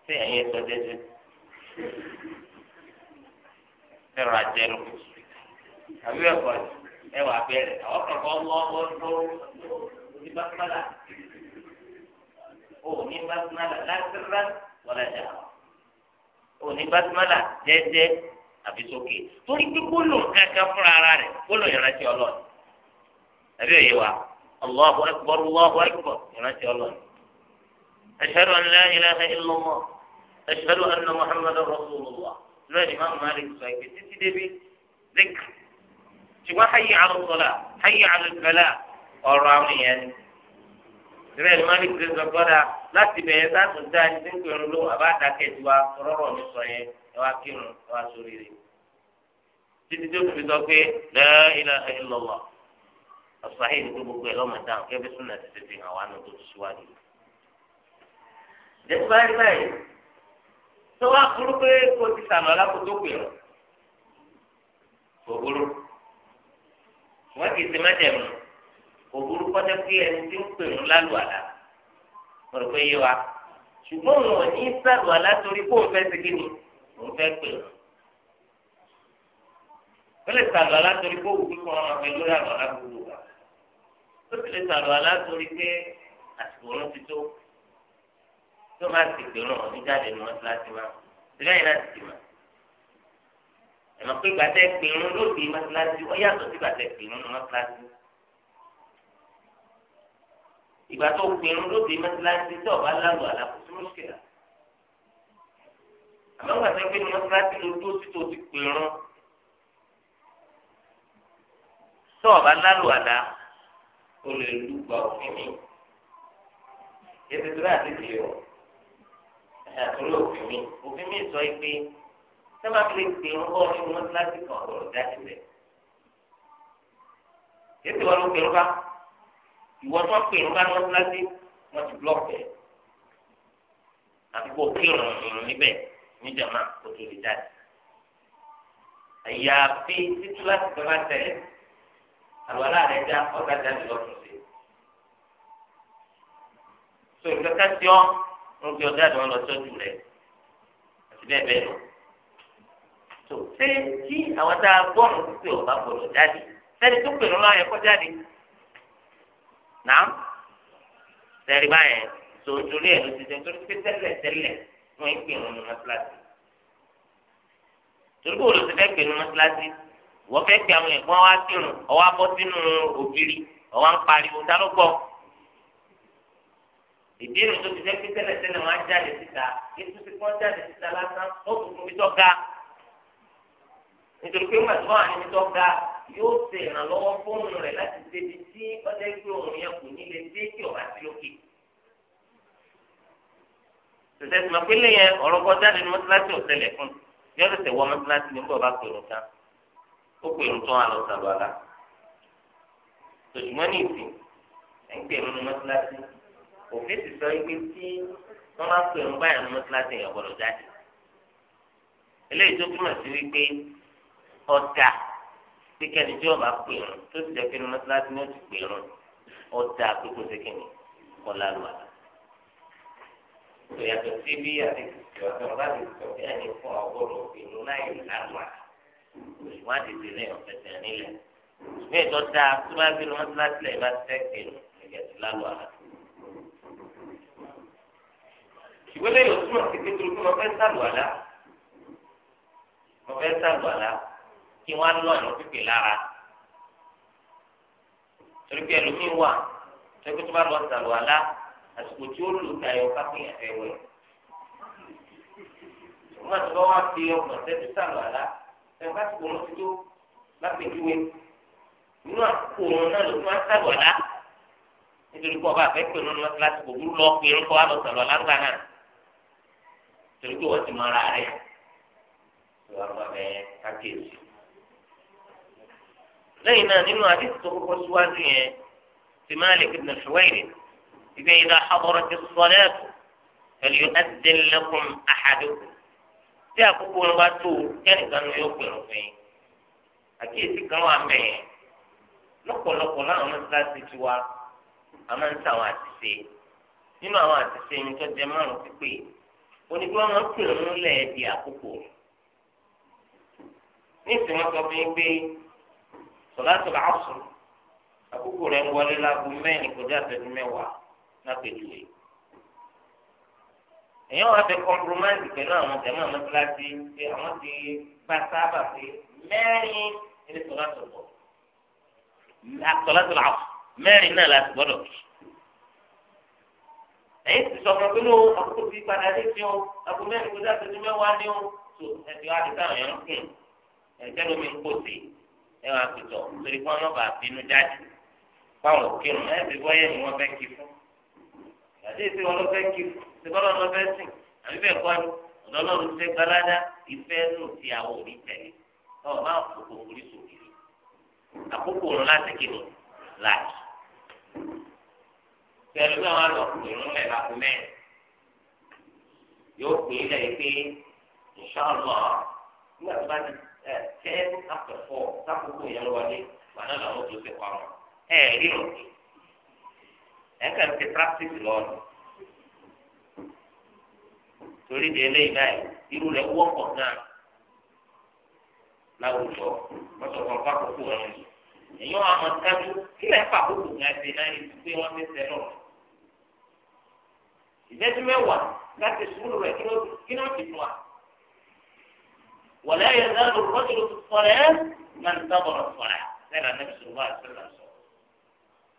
في أي سجدة في الرجل أبي أقول أيوة بيري أو أقول الله أكبر òní basmala lásìrán wọlé jà òní basmala jẹ́jẹ́ àbí sókè torí pé gbólóhùn kankan fúnra ara rẹ̀ gbólóhùn ìrántí ọlọ́run àbí òye wa allahu akbar allahu akbar ìrántí ọlọ́run ashhadu an la ilaha illallah ashhadu anna muhammadan rasulullah lórí ìmáàmù malik sọ èké títí débi zikr ṣùgbọ́n hayya ala salat hayya ala falah ọ̀rọ̀ àwọn èèyàn ni ìrẹ́ ni malik ṣe sọ gbọ́dà láti bẹ̀rẹ̀ sáàtún dá ẹni tí ń pè ń lo àbáàdàkẹ́ tiwa rọ́rọ̀ mi sọ yẹn ẹ wá kírun ẹ wá sórí rẹ̀ títí tó fi sọ pé la ilaha illallah ọ̀sàhìn ní gbogbo ẹ̀ lọ́mọ dáhùn kí ẹ fi súnà ti ti fi hàn wá ní tó ti síwájú. jẹ́sí báyìí báyìí tó wá burú pé kó ti sànà alákòótó pè ọ́ kò burú wọ́n ti òbúrú kọjá pé ẹni tí ń pè ń lálùwàlà mo rò pé yé wa ṣùgbọ́n òun ò ní sàlùwàlà torí kó o fẹ́ ṣe kíni òun fẹ́ pè ń ó lè sàlùwàlà torí kó o kíkọ́ ọmọ pẹ̀lú àlùwàlà gbogbo wa ó sì lè sàlùwàlà torí pé àsìkò òun ti tó tó máa sì pè ń òun jáde ní wọn láti máa sílẹ̀ yìí láti tì máa ẹ̀mọ́ pé gbàtẹ́ pè ń lòdì mọ́tíláṣí ó yàtọ̀ sí gbàtẹ́ pè ń lòdì ìgbà tó pinnu lóde mẹsàlásì tó ọba lálù àlàkùsù mùsùlùmí àmọ́ ìgbà tó pinnu mẹsàlásì ló dúró sí tó ti pinnu tó ọba lálù àlà o lè lu gba òfin mi ètò ìtura àti ìdílé o àtúrò òfin mi òfin mi sọ pé sábà fi lè pinnu kọ́ nínú mẹsàlásì kan ọ̀rọ̀ dájú rẹ̀ ètò ìwà ló pinnu bá ìwọ tó pè ń bá lọ́wọ́ láti wọ́n ti blọ́ọ̀kì ẹ̀ àti kò kí ìrùn ìrùn níbẹ̀ níjàmá kò tó lè jáde. ẹ̀yà fi títú láti tọ́lá tẹ̀lé àlọ́ aláàrẹ̀ já ọ̀gá jáde lọ́sùn sí. so ìkẹ́kẹ́ tí ọ́ ń gbé ọ̀gá àdán lọ sọ́jú rẹ̀ àti bẹ́ẹ̀ bẹ́ẹ̀ lọ. so ṣé kí àwọn tá a gbọ́ ọ̀rọ̀ pípé ọ̀gá gbọ́dọ̀ jáde fẹ́ni tó pè lọ́wọ́ ayẹ̀kọ́ jáde náà tẹ̀rí báyẹn tó torí ẹ̀ ló ti sẹ́ nítorí pé tẹ́lẹ̀ tẹ́lẹ̀ wọ́n ń pè wọn ní mọ́tíláṣí torí bó ló ti fẹ́ pè ní mọ́tíláṣí wọ́n fẹ́ pè àwọn ẹ̀gbọ́n wa kírun ọwọ́ abọ́ sínú ògiri ọwọ́ ń pariwo dálógbọ́ ìbéèrè tó ti fẹ́ pé tẹ́lẹ̀ tẹ́lẹ̀ wọ́n á jáde síta ètò ti kọ́ jáde síta lásán ó tuntun mi tọ́ ga nítorí pé wọ́n yóò ṣe ìrànlọ́wọ́ fóònù rẹ̀ láti débi tí ọjọ́ ìgbé òun yẹn kò ní lè dé kí ọba sí lókè. tòṣe tí màá pélé yẹn ọ̀rọ̀ kọjá nínú mọ́tíláṣí òtẹ́lẹ̀ fún yọ tẹ̀sẹ̀ wọ mọ́tíláṣí nígbà ọba pèrò tán ó pèrò tán àlọ́ sàlọ́ àlá. tòṣùmọ́ ní ìsìn ẹ̀ ń pèrò nínú mọ́tíláṣí òfin ti sọ pé tí wọ́n bá pèrò báyà nínú mọ́tíláṣí yẹn jáde. eléyìí tó túmọ̀ sí wípé ọ̀dà pé kẹ́ni tí wọ́n bá pè ọ́n tó sì jẹ́ pé ní mọ́tíláṣí ni ó ti pè ọ́n ó da pípọ̀ sí kìnnì kọ́ lálù àlà. ìyàtọ̀ sí bí àdéhùn ìjọba bá ti sọ bí ẹni fún ọgọ́dọ̀ ìlú láì lálù àlà òṣùwọ̀n àdìsí lẹ́yìn ọ̀fẹ́sẹ̀ nílẹ̀. ìwé ìtọ́ da tó bá gbé ní mọ́tíláṣí lẹ́yìn bá ti fẹ́ ìyàtọ̀ lálù àlà. ìwé lẹ́yìn òṣùwọ̀n ti fi tuntun ọ̀fẹ́ sàlù àlà ọ̀fẹ́ sàlù àlà kí wọ́n lọ ọ̀nà pípé lára torí pé ẹlòmíín wà tẹ́gbẹ́ tó bá lọ sàlùwàlá àsìkò tí ó lò tayọ kápẹ́ ẹ̀fẹ́ wẹ̀ wọ́n ti bá wá fi ọkàn tẹ́tí sàlùwàlá ẹ̀fọ́ àsìkò ló ti tó lápẹ̀júwe nínú àkókò wọn náà ló ti máa sàlùwàlá nítorí pé ọba àfẹ́ pẹ̀lú ọ̀nà láti kò burú lọ pé kọ́ wá lọ sàlùwàlá ńgbà náà torí pé wọ́n ti mọ ara rẹ̀ wọ́n máa bẹ lẹ́yìn náà nínú àdìsí tó kọ́kọ́ síwájú yẹn ti Malik ibn Suwairi ibi idha hadarat as-salat falyu'addin lakum ahadukum tí àkókò wọn bá tó kẹ́nìkan ló yóò pè ọ́ fún yín àkíyèsí kan wà mẹ́yìn lọ́pọ̀lọpọ̀ láwọn mọ́sálásí ti wá a máa ń ta àwọn àtìsé nínú àwọn àtìsé yìí tó jẹ márùn pípé onígbà wọn máa ń pè ọ́ lẹ́ẹ̀dì àkókò nísìnyí wọn sọ fún yín pé sọláàtì làásù àkókò rẹ̀ ń wọlé láago mẹ́rin kọjá àtẹnu mẹ́wàá lápẹjùwe èyàn wà fẹ́ kọmpromáìsì pẹ̀lú àwọn jẹmọ́ àwọn kíláàsì pé àwọn ti bá sábà pé mẹ́rin ní sọláàtì lọ sọláàtì làásù mẹ́rin náà láti gbọ́dọ̀ kí ẹ̀yin ti sọ fún mi ló àkókò ti padà dé sí o àkókò mẹ́rin kọjá àtẹnu mẹ́wàá ní o tó ẹ̀sìn wa ti sáà yẹn ń kùn ẹ̀jẹ̀ ẹ wàá pìtọ torí kí wọn má bàa bínú jáde báwọn òkèrún ẹ bí wọ́n yẹ ni wọ́n fẹ́ kí fún àti èsì wọn ló fẹ́ kí fún ṣe bọ́lá ló fẹ́ sìn àbí bẹ́ẹ̀ kọ́ ni ọ̀dọ́ lọ́run ṣe gbalada ìfẹ́ nù ti àwọn òní tẹ̀lé ọ̀ máa kókò orí sòkè àkókò òun láti kí ni láti pẹ̀lú náà wà lọ pè ń lẹ̀ lápò mẹ́rin yóò pè é lẹ́yìn pé ìṣọ́ọ̀lọ́ nígbà tó bá ti ẹ ten after four sákòókò yẹn ló wọlé gbaná làwọn tó ti parọ́ ẹ rí òkè ẹ kàn ti practice lọ́ọ̀nù torí de eléyìí náà irú rẹ̀ wọ́pọ̀ náà láwùjọ mọ́tòkọ̀ fákòókò rẹ̀ èyí wọn àwọn kájú kí lè fà kókò ní àti náà yìí pé wọ́n ti sẹ́ lọ́rùn ìdẹ́jú mẹ́wàá láti sùúrù rẹ̀ kí ló ti fún wa. ولا يزال الرجل في الصلاة من تبر الصلاة لأن النبي صلى الله عليه وسلم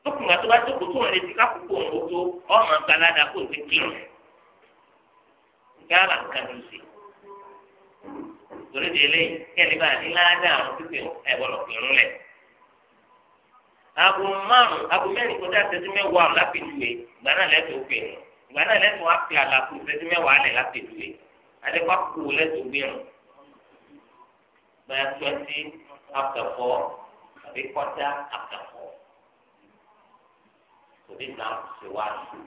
tókùn àti wá tó kòtò rẹ ti ká kókó òun tó ọmọ gbalada kó ti kírun gáàbà nǹkan ló ṣe torí délé kẹ́ni bá ní láàdá àwọn pípé ẹ̀wọ̀n ọ̀gbìnrún lẹ̀. aago márùn aago mẹ́rin kọjá ìṣẹ́jú mẹ́wàá lápẹ̀jùwe ìgbà náà lẹ́tọ̀ọ́ pè é ìgbà náà lẹ́tọ̀ọ́ á pè àlàkù ìṣẹ́jú mẹ́wàá lẹ̀ lápẹ̀jùwe adékọ́ kú lẹ́tọ̀ọ́ gbẹ̀rún bẹ́ẹ̀ twenty after four àbí quarter after four torí náà ṣe wá sí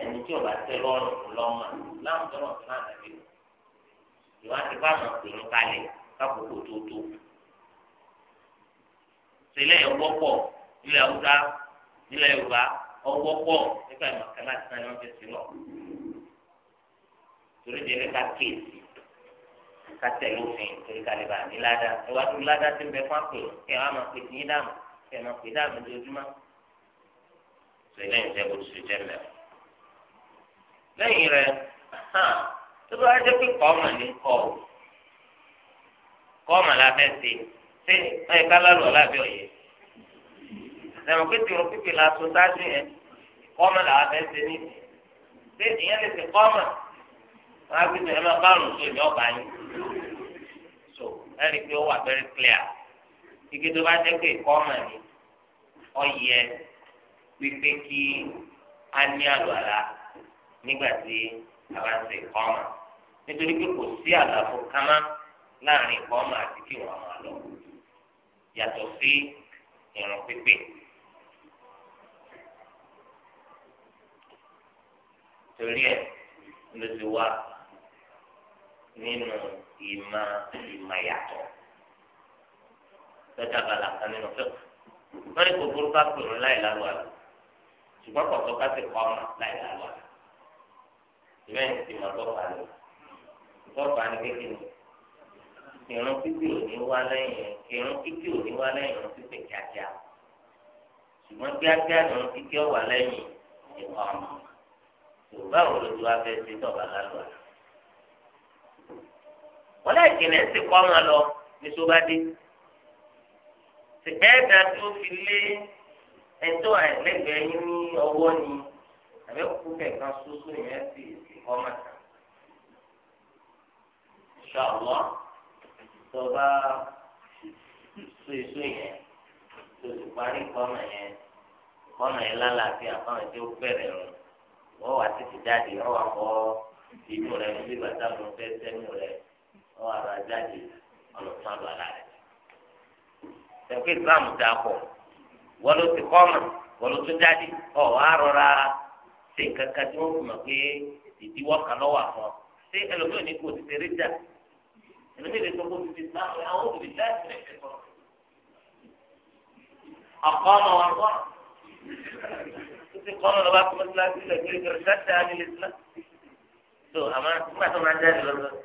ẹni tí o bá tẹ lọ́rùn lọ́mọ láwọn tó náà tó náà dàbí o ìwádìí bá wọn pè ní kalẹ̀ kákòókò tó tó sílẹ̀ ọ̀pọ̀pọ̀ ilẹ̀ haúsá ilẹ̀ yorùbá ọ̀pọ̀pọ̀ nípa ìmọ̀kànlá ti náà yọ̀ ọ́ fẹ́ sílọ̀ torí délé ká kéèsì kátẹ lófin torí ká lè bá ní ládàá ìwádìí ládàá ti ń bẹ fún àpè kí wọn á máa pè ní dààmú kí wọn máa pè dààmú lójoojúmọ́. sèlè ń jẹ oṣù jẹlẹ. lẹ́yìn rẹ̀ tó bá jẹ́ pé kọ́ọ̀mà ní kọ́ ọ kọ́ọ̀mà la fẹ́ ṣe ṣé ọyẹ ká lálọ́ lábẹ́ ọ̀yẹ́. ẹ̀rọ pé tìrọ pípé la tó dájú yẹn kọ́ọ̀mà làwọn fẹ́ ṣe ní ṣé ìyẹn lè ṣe kọ́ọ̀mà wọn á gbé tẹ̀lé máa bá àrùn tó ìjọba yìí so ẹni pé ó wà very clear ike tó bá jẹ́ pé ìkọ́mọ̀ ni ó yẹ pípé kí a ní àlọ́lá nígbà tí a bá ń ṣe ìkọ́mọ̀ nítorí pé kò sí àlàfo kámá láàrin ìkọ́mọ̀ àti kí wọ́n máa lọ yàtọ̀ sí ìrun pípé. torí ẹ̀ ló ti wá nínú ìmọ̀ ìmọ̀yàtọ̀ lọ́jà bàlá kan nínú fẹ́ẹ̀kù wọ́n ní kò burú ká pèrò láì lálọ́ àlọ́ ṣùgbọ́n kọ̀ọ̀tọ́ ká sì kọ́ ọmọ láì lálọ́ àlọ́ ìbẹ́ ní ti mọ̀ tọ́fà ni tọ́fà ni kékeré ìrún kíkì òní wá lẹ́yìn ìrún kíkì òní wá lẹ́yìn ìrún kíkì kíákíá ṣùgbọ́n kíákíá ni ìrún kíkì ọ̀wà lẹ́yìn ìkọ́ ọmọ ṣùgbọ́n báwo ló ti wá fẹ́ ṣe tọ́ba lálọ́ àlọ́ wọn láì jìnnà ń sìnkú ọmọ lọ ní tó bá dé sìkẹ́ ẹ̀dá fi lé ẹ̀tọ́ àìlẹ́gbẹ̀ẹ́ ní ọwọ́ ni àbẹ́kú kẹ̀kan ṣoṣo yẹn sì sìnkú ọmọ kan. Inshallah tó bá so èso yẹn tó sì parí kọ́mọ yẹn kọ́mọ yẹn lálàáfíà kọ́mọ tí ó bẹ̀rẹ̀ rùn wọ́n wà títí jáde wọ́n wà kọ́ ìmú rẹ̀ níbi bàtà ló fẹ́ sẹ́nu rẹ̀ wọn àrà jáde ọlọ́tún àlọ́lá rẹ̀. ẹ̀kọ́ ìsìlámù dà pọ̀ wọ́n ló ti kọ́ mọ̀ wọ́n ló tún jáde ọ̀ wá rọra ṣe nǹkan kan tí wọ́n fi mọ̀ pé ìdíwọ́ kan lọ́wọ́ àfọ́ ṣé ẹlòmíràn ní kò ti ṣeré jà ẹlòmíràn tó kó ti ti sáà àwọn òbí láti rẹ̀ ṣe kọ́. ọ̀kọ́ ọmọ wa kọ́ títí kọ́ ọmọ lọ́ba kọ́mọ́tì láti sílá. tó àmọ́ nígbà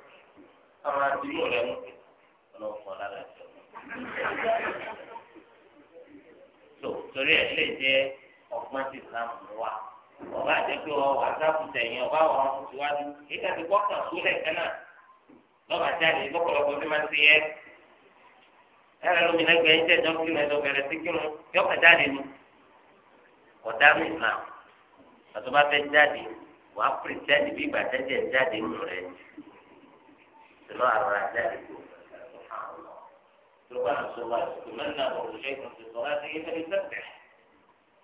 ọmọ àdúgbò rẹ mú ọlọ fún jọ so torí ẹ lè jẹ ọgbọ́n tí islam wà ọba àjẹpẹ ọ wàsápù tẹyìn ọba àwọn ọmọ síwájú kíkà ti gbọ́ kàn sólẹ̀ kánà lọ́ba jáde lọ́pọ̀lọpọ̀ bí máa ti yẹ ẹ ẹ lómi lẹ́gbẹ̀ẹ́ ń jẹ́jọ́ kírun ẹ̀dọ́ bẹ̀rẹ̀ sí kírun yọkà jáde ni ọ̀dà mi nà àtọ́ bá fẹ́ jáde wàá pèsè àdìbí ìgbà jẹ́jẹ́ jáde nù rẹ̀ lọ́wọ́ àrọ̀rọ̀ àjáde kù lọ́wọ́ àrùn sọ̀rọ̀ àti mẹ́rin náà ọ̀rọ̀ ṣe kùn sí sọ̀rọ̀ àti yẹ́fẹ́ ní sẹ́fẹ̀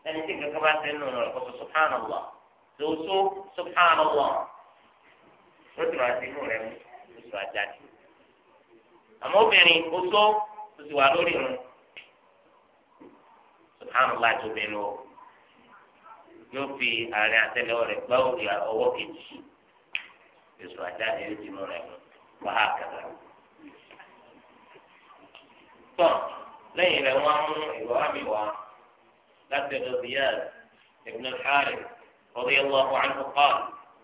ẹni tí kankan bá tẹ̀ nù rẹ̀ kọ́sọ̀ subhanallah tòótọ́ subhanallah ó ti wà sí inú rẹ̀ mú ó ti wà jáde àmọ́ obìnrin ó tó ó ti wà lórí irun subhanallah tó bẹ̀rẹ̀ o yóò fi àárín àtẹ́lẹwọ́ rẹ̀ gbá òkè ọwọ́ kejì èso àjáde ó ti mú rẹ̀ mú. وهكذا tán لين rẹ̀ wọ́n mú ìwà mi wá الحارث رضي الله عنه قال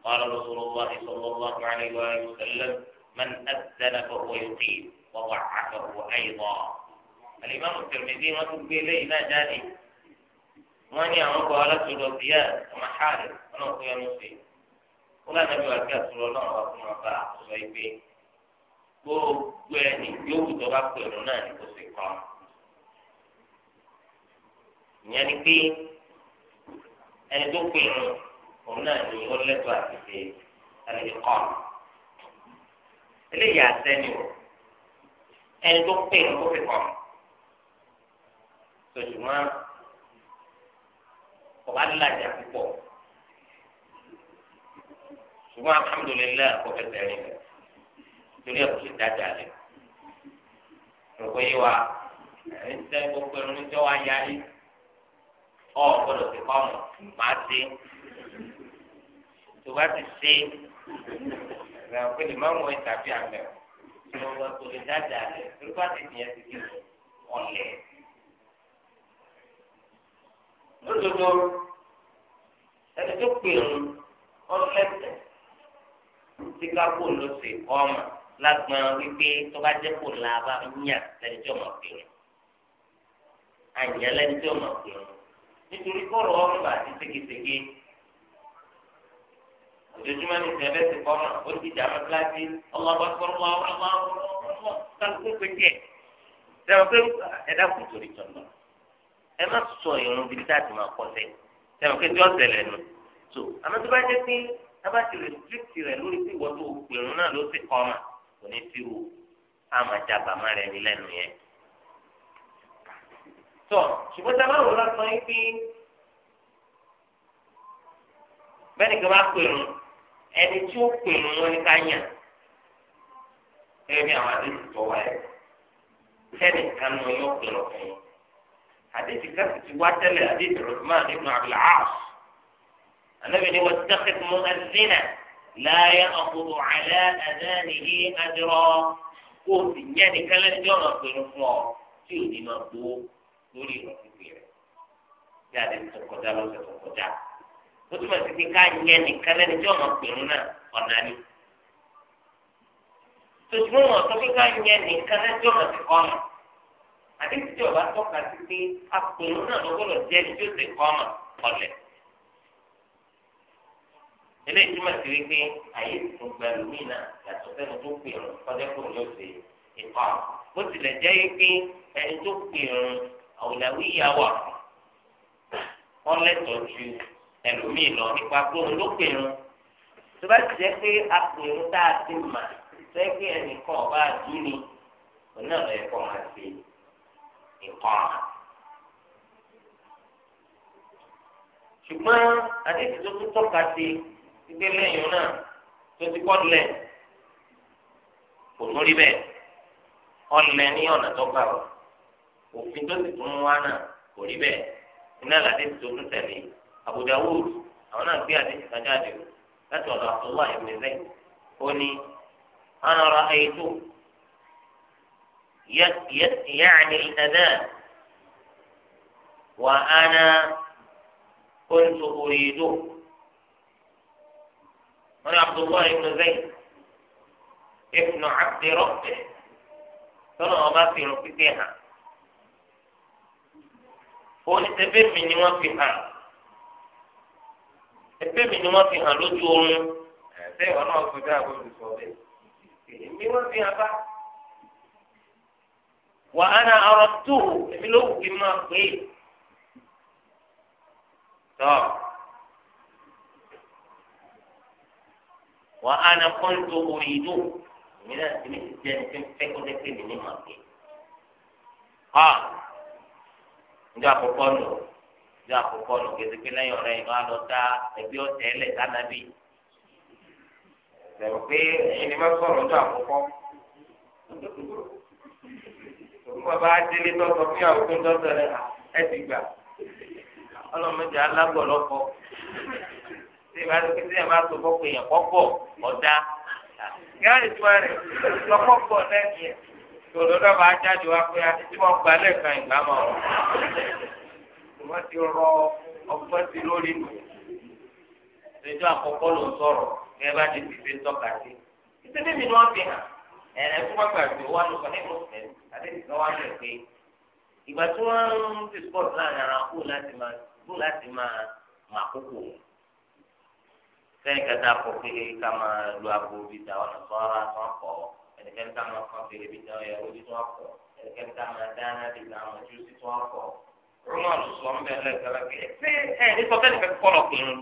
قال رسول الله صلى الله عليه وآله وسلم من أذن فهو يقيم وضعفه أيضا الإمام الترمذي ما تبقي لي ما جاني وأني أمرك على سورة زياد حارث أنا أخويا مسلم ولا نبي أركز سورة الله وأخونا فأخذ gbogbo ẹni yóò wù tó bá pẹ̀lú náà ní kò sì kọ́ ìyẹn ni pé ẹni tó pẹ̀lú òun náà ni ó lẹ́tọ̀ọ́ àti ṣe ẹni kọ́ eléyìí àtẹ́ni o ẹni tó pẹ̀lú kò sì kọ́ sọ̀tùmọ́ ọba lajà púpọ̀ ṣùgbọ́n alhamdulilayi kò fẹ́ tẹ̀lé rẹ̀ torí ẹ̀kọ́ lè dájà lẹ̀ rògbò yìí wa ẹ̀ńtẹ́ gbogbo ẹ̀rọ níjọ́ wa yarí ọ̀ gbọ́dọ̀ sí kọ́mù máa ṣe tó bá ti ṣe ẹ̀rọ pé lè má mọ ìtàbí àmẹ́ ìrọ̀gbọ́ kò lè dájà lẹ̀ torí bá ti dìyẹn ti kí ọ̀lẹ̀ lódodo ẹni tó pè ń ọlẹ́tẹ̀ tí ló ṣe kọ́ lágbọn wípé tó bá jẹ́ kó la bá yàn lẹ́ni tí ọmọ pè é àyàn lẹ́ni tí ọmọ pè é nítorí kọ́rọ̀ ọ̀rùn àti ségesège ojoojúmọ́ ní ìfẹ́ ti kọ́ ọ̀nà ó ti dàmú kíláàsì ọlọ́wọ́ kọ́rọ́ wá wá wá wá kálukú pé díẹ̀ sẹ́wọ́n pé ẹ̀dá kò torí tọ̀nà ẹ má sọ ìrún bíi tá a ti máa kọ́sẹ̀ sẹ́wọ́n pé tí wọ́n tẹ̀lé nu tó àmọ́ tó bá jẹ́ pé a bá ti rẹ̀ stíríkì rẹ̀ lórí tí ìwọ́n tó gbèrún náà ló ti kọ́ ọ̀nà kò ní fírù táwọn ajá bàmá rẹ̀ ní lẹ́nu yẹn. tó ṣùgbọ́n tá a máa wò lọ́sọ̀ yín pé bẹ́ẹ̀ ni kí wọ́n bá pè rún ẹni tí ó pè rún wọn ní ká yàn ẹni àwọn àdéhùn tó wáyé sẹ́ni kan ní yóò pè rún fún yín àdéhùn kan ti wá tẹ́lẹ̀ àdéhùn rẹ̀ fún mi àdéhùn àbílà áàsù. النبي يقول اتخذ مؤذنا لا يأخذ على أذانه أجرا قلت يعني كلا جرى في الفور في مقبول lórí ìwà pípé rẹ bí a lè tó kọjá lọ́sẹ̀ tó kọjá ó túmọ̀ sí pé ká yẹ nìkan lẹ́ni tí ọ̀nà pèrún náà ọ̀nà ti kọ́nà àdéhùn tí ọba tọ́ka sí pé apèrún náà ló gbọ́dọ̀ ní tí ó ti kọ́nà ọ̀lẹ̀ eléyìí túmọ̀ sí wípé àyè tuntun gbẹ̀rù mí náà yàtọ̀ sẹ́ni tó pè ọ̀rùn kọjá kò ní òsè ìkọ́ bó tilẹ̀ jẹ́ wípé ẹni tó pè ọ̀rùn àwòlàwí ìyàwó wọn lẹ́tọ̀ọ́ ju ẹlòmíì lọ nípa gbóhùn ló pè ọ̀rùn tó bá ti jẹ́ pé apèrún tá a ti mà sẹ́ pé ẹnìkan ọba àdúni òun náà lọ ẹ̀kọ́ máa ṣe ìkọ́ ṣùgbọ́n àdéhùn tó tún tọ́ka sí gbígbé lẹ́yìn náà tó ti kọ́ lẹ̀ kò tún rí bẹ́ẹ̀ ọlẹ̀ ní ọ̀nà tó bá wà òfin tó sì tún wá náà kò rí bẹ́ẹ̀ iná làdé tó tún tẹ̀lé Abu Dawud àwọn náà gbé àdé tìta jáde láti ọ̀dọ̀ àtúwà ìmìlẹ̀ ó ní ana ra'aytu ya'ni al-adhan wa ana kuntu uriduhu. wọn ní abdullahi ibn zayd ibn abdi rabbi tọ́nà wọn bá fi irun pípé hàn ó ní ẹ̀bẹ̀ mi ni wọ́n fi hàn ẹ̀bẹ̀ mi ni wọ́n fi hàn lójú oorun ẹ̀bẹ̀ ìwọ náà fi dá àgbo ìlú wà á nà kọ́ńtò òyìnbó èmi náà ti ní jẹ́ ní fẹ́ kó dé mi ní màá pé. ha njẹ́ àkọ́kọ́ nù njẹ́ àkọ́kọ́ nù kí ẹsẹ̀ pé lẹ́yìn ọ̀rẹ́ yìí bá délé fún yàrá òkú rẹ̀ ẹ̀ ti gbà ọlọ́mọdé alágbọ̀lọ́kọ. tí ìbá tó kéde ìbá tó fọ́ pé yẹn kọ́kọ́ ọ̀dá yàrá ìtura rẹ̀ lọ́kọ́kọ́ lẹ́yìn ẹ̀ tòló náà máa jáde wá pé àti tí wọ́n gba lẹ́ẹ̀kan ìgbà mọ́ ọ. wọ́n ti rọ ọgbọ́n sí lórí nù. ìṣèjọ́ àkọ́kọ́ ló ń sọ̀rọ̀ bí ẹ bá ti fi fi tọ́ka sí. ìṣèjọ́ mi ni wọ́n fi hàn ẹ̀rẹ́ fún wákàtí àti owó àlùkò ní ìmọ̀sẹ̀ àti tí wọ́n ń ti sport láàrin ara kú láti máa kú láti máa máa kókò wọn sẹ́yìn kẹta kò fi ká máa lu aago bíi tàwọn sọ́ra tó ń kọ́ ẹnikẹ́ni ká máa kàn fèrè bíi tàwọn ẹ̀rọ bíi tó ń kọ́ ẹnikẹ́ni ká máa dáná bíi tàwọn ojú sí tó ń kọ́ rúmọ̀lù sọ ń bẹ̀ lẹ́gbẹ̀rẹ́ pé ṣé ẹ̀ ní sọ́kẹ́ni fẹ́ kọ́ lọ kírun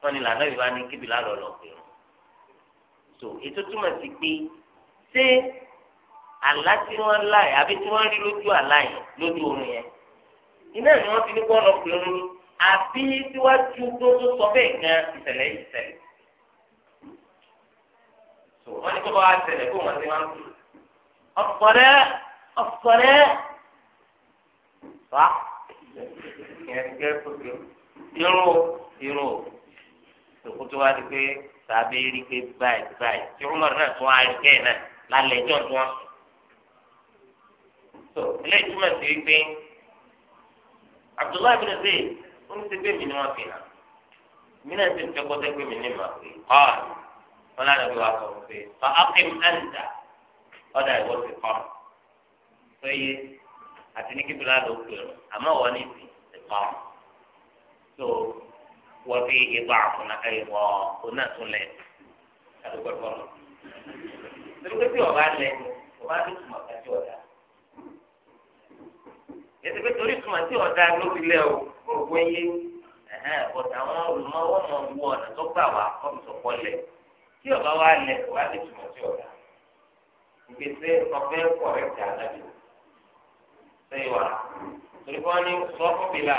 wọn ni làánà ìwà ni kébìlà lọ lọ kírun so ètò túmọ̀ sí pé ṣé àlá tí wọ́n láì àbí tí wọ́n rí lójú àlá yẹn lójú oorun yẹn iná ni wọ́n ti ní kọ́ lọ kírun àbí síwájú tó tó sọ bẹ́ẹ̀ gan ìṣẹ̀lẹ̀ ìṣẹ̀lẹ̀. wọ́n ní kó bá wa ṣẹlẹ̀ kó wọ́n ti máa ń kú. ọ̀sọ̀rẹ́ ọ̀sọ̀rẹ́ wá ìyẹn ti kẹ́ kókè irú irú tòkó tó wá di pé tàbí rí pé báyìí báyìí tí wọ́n mọ̀ràn náà tó wá rí bẹ́ẹ̀ náà lálẹ́ ẹjọ́ tó wọ́n. ilé ìtumọ̀ sí wípé Abdullahi bin Zayd ó ní sẹgbẹ́ mi ni wọ́n fi hàn mí náà ti ń fẹ́ kọ́tẹ́ pé mi ní màá pé kọ́ọ̀n wọn lára bí wàá sọ pé fa akim ẹ̀ǹda ọ̀dà ìwọ ti kọ́ sọyẹ àti ní kíkúrá ló pè ọ́ àmọ́ wọ́n ní ti kọ́ so wọ́n fi ìgbà àfúnà ẹ̀wọ̀ ọ̀nà tún lẹ̀ àdúgbò kọ́ lọ. torí pé tí ọba lẹ ọba ló tún mọ̀ tí ọ̀dà ètò pé torí ìtumọ̀ tí ọ̀dà ló fi lẹ̀ o gbogbo yé ọ̀dà wọn olùmọ̀wọ́ mọ̀ wọ ọ̀nà tó gbà wá kọ́mùsọ̀kọ́ lẹ̀ tí ọ̀bá wa lẹ̀ wá lè túmọ̀ sí ọ̀dà ìgbésẹ ọ̀fẹ́ kọ̀rẹ́tì àdájọ́ sẹ́yìn wa torí wọn ní sọ fún bìlà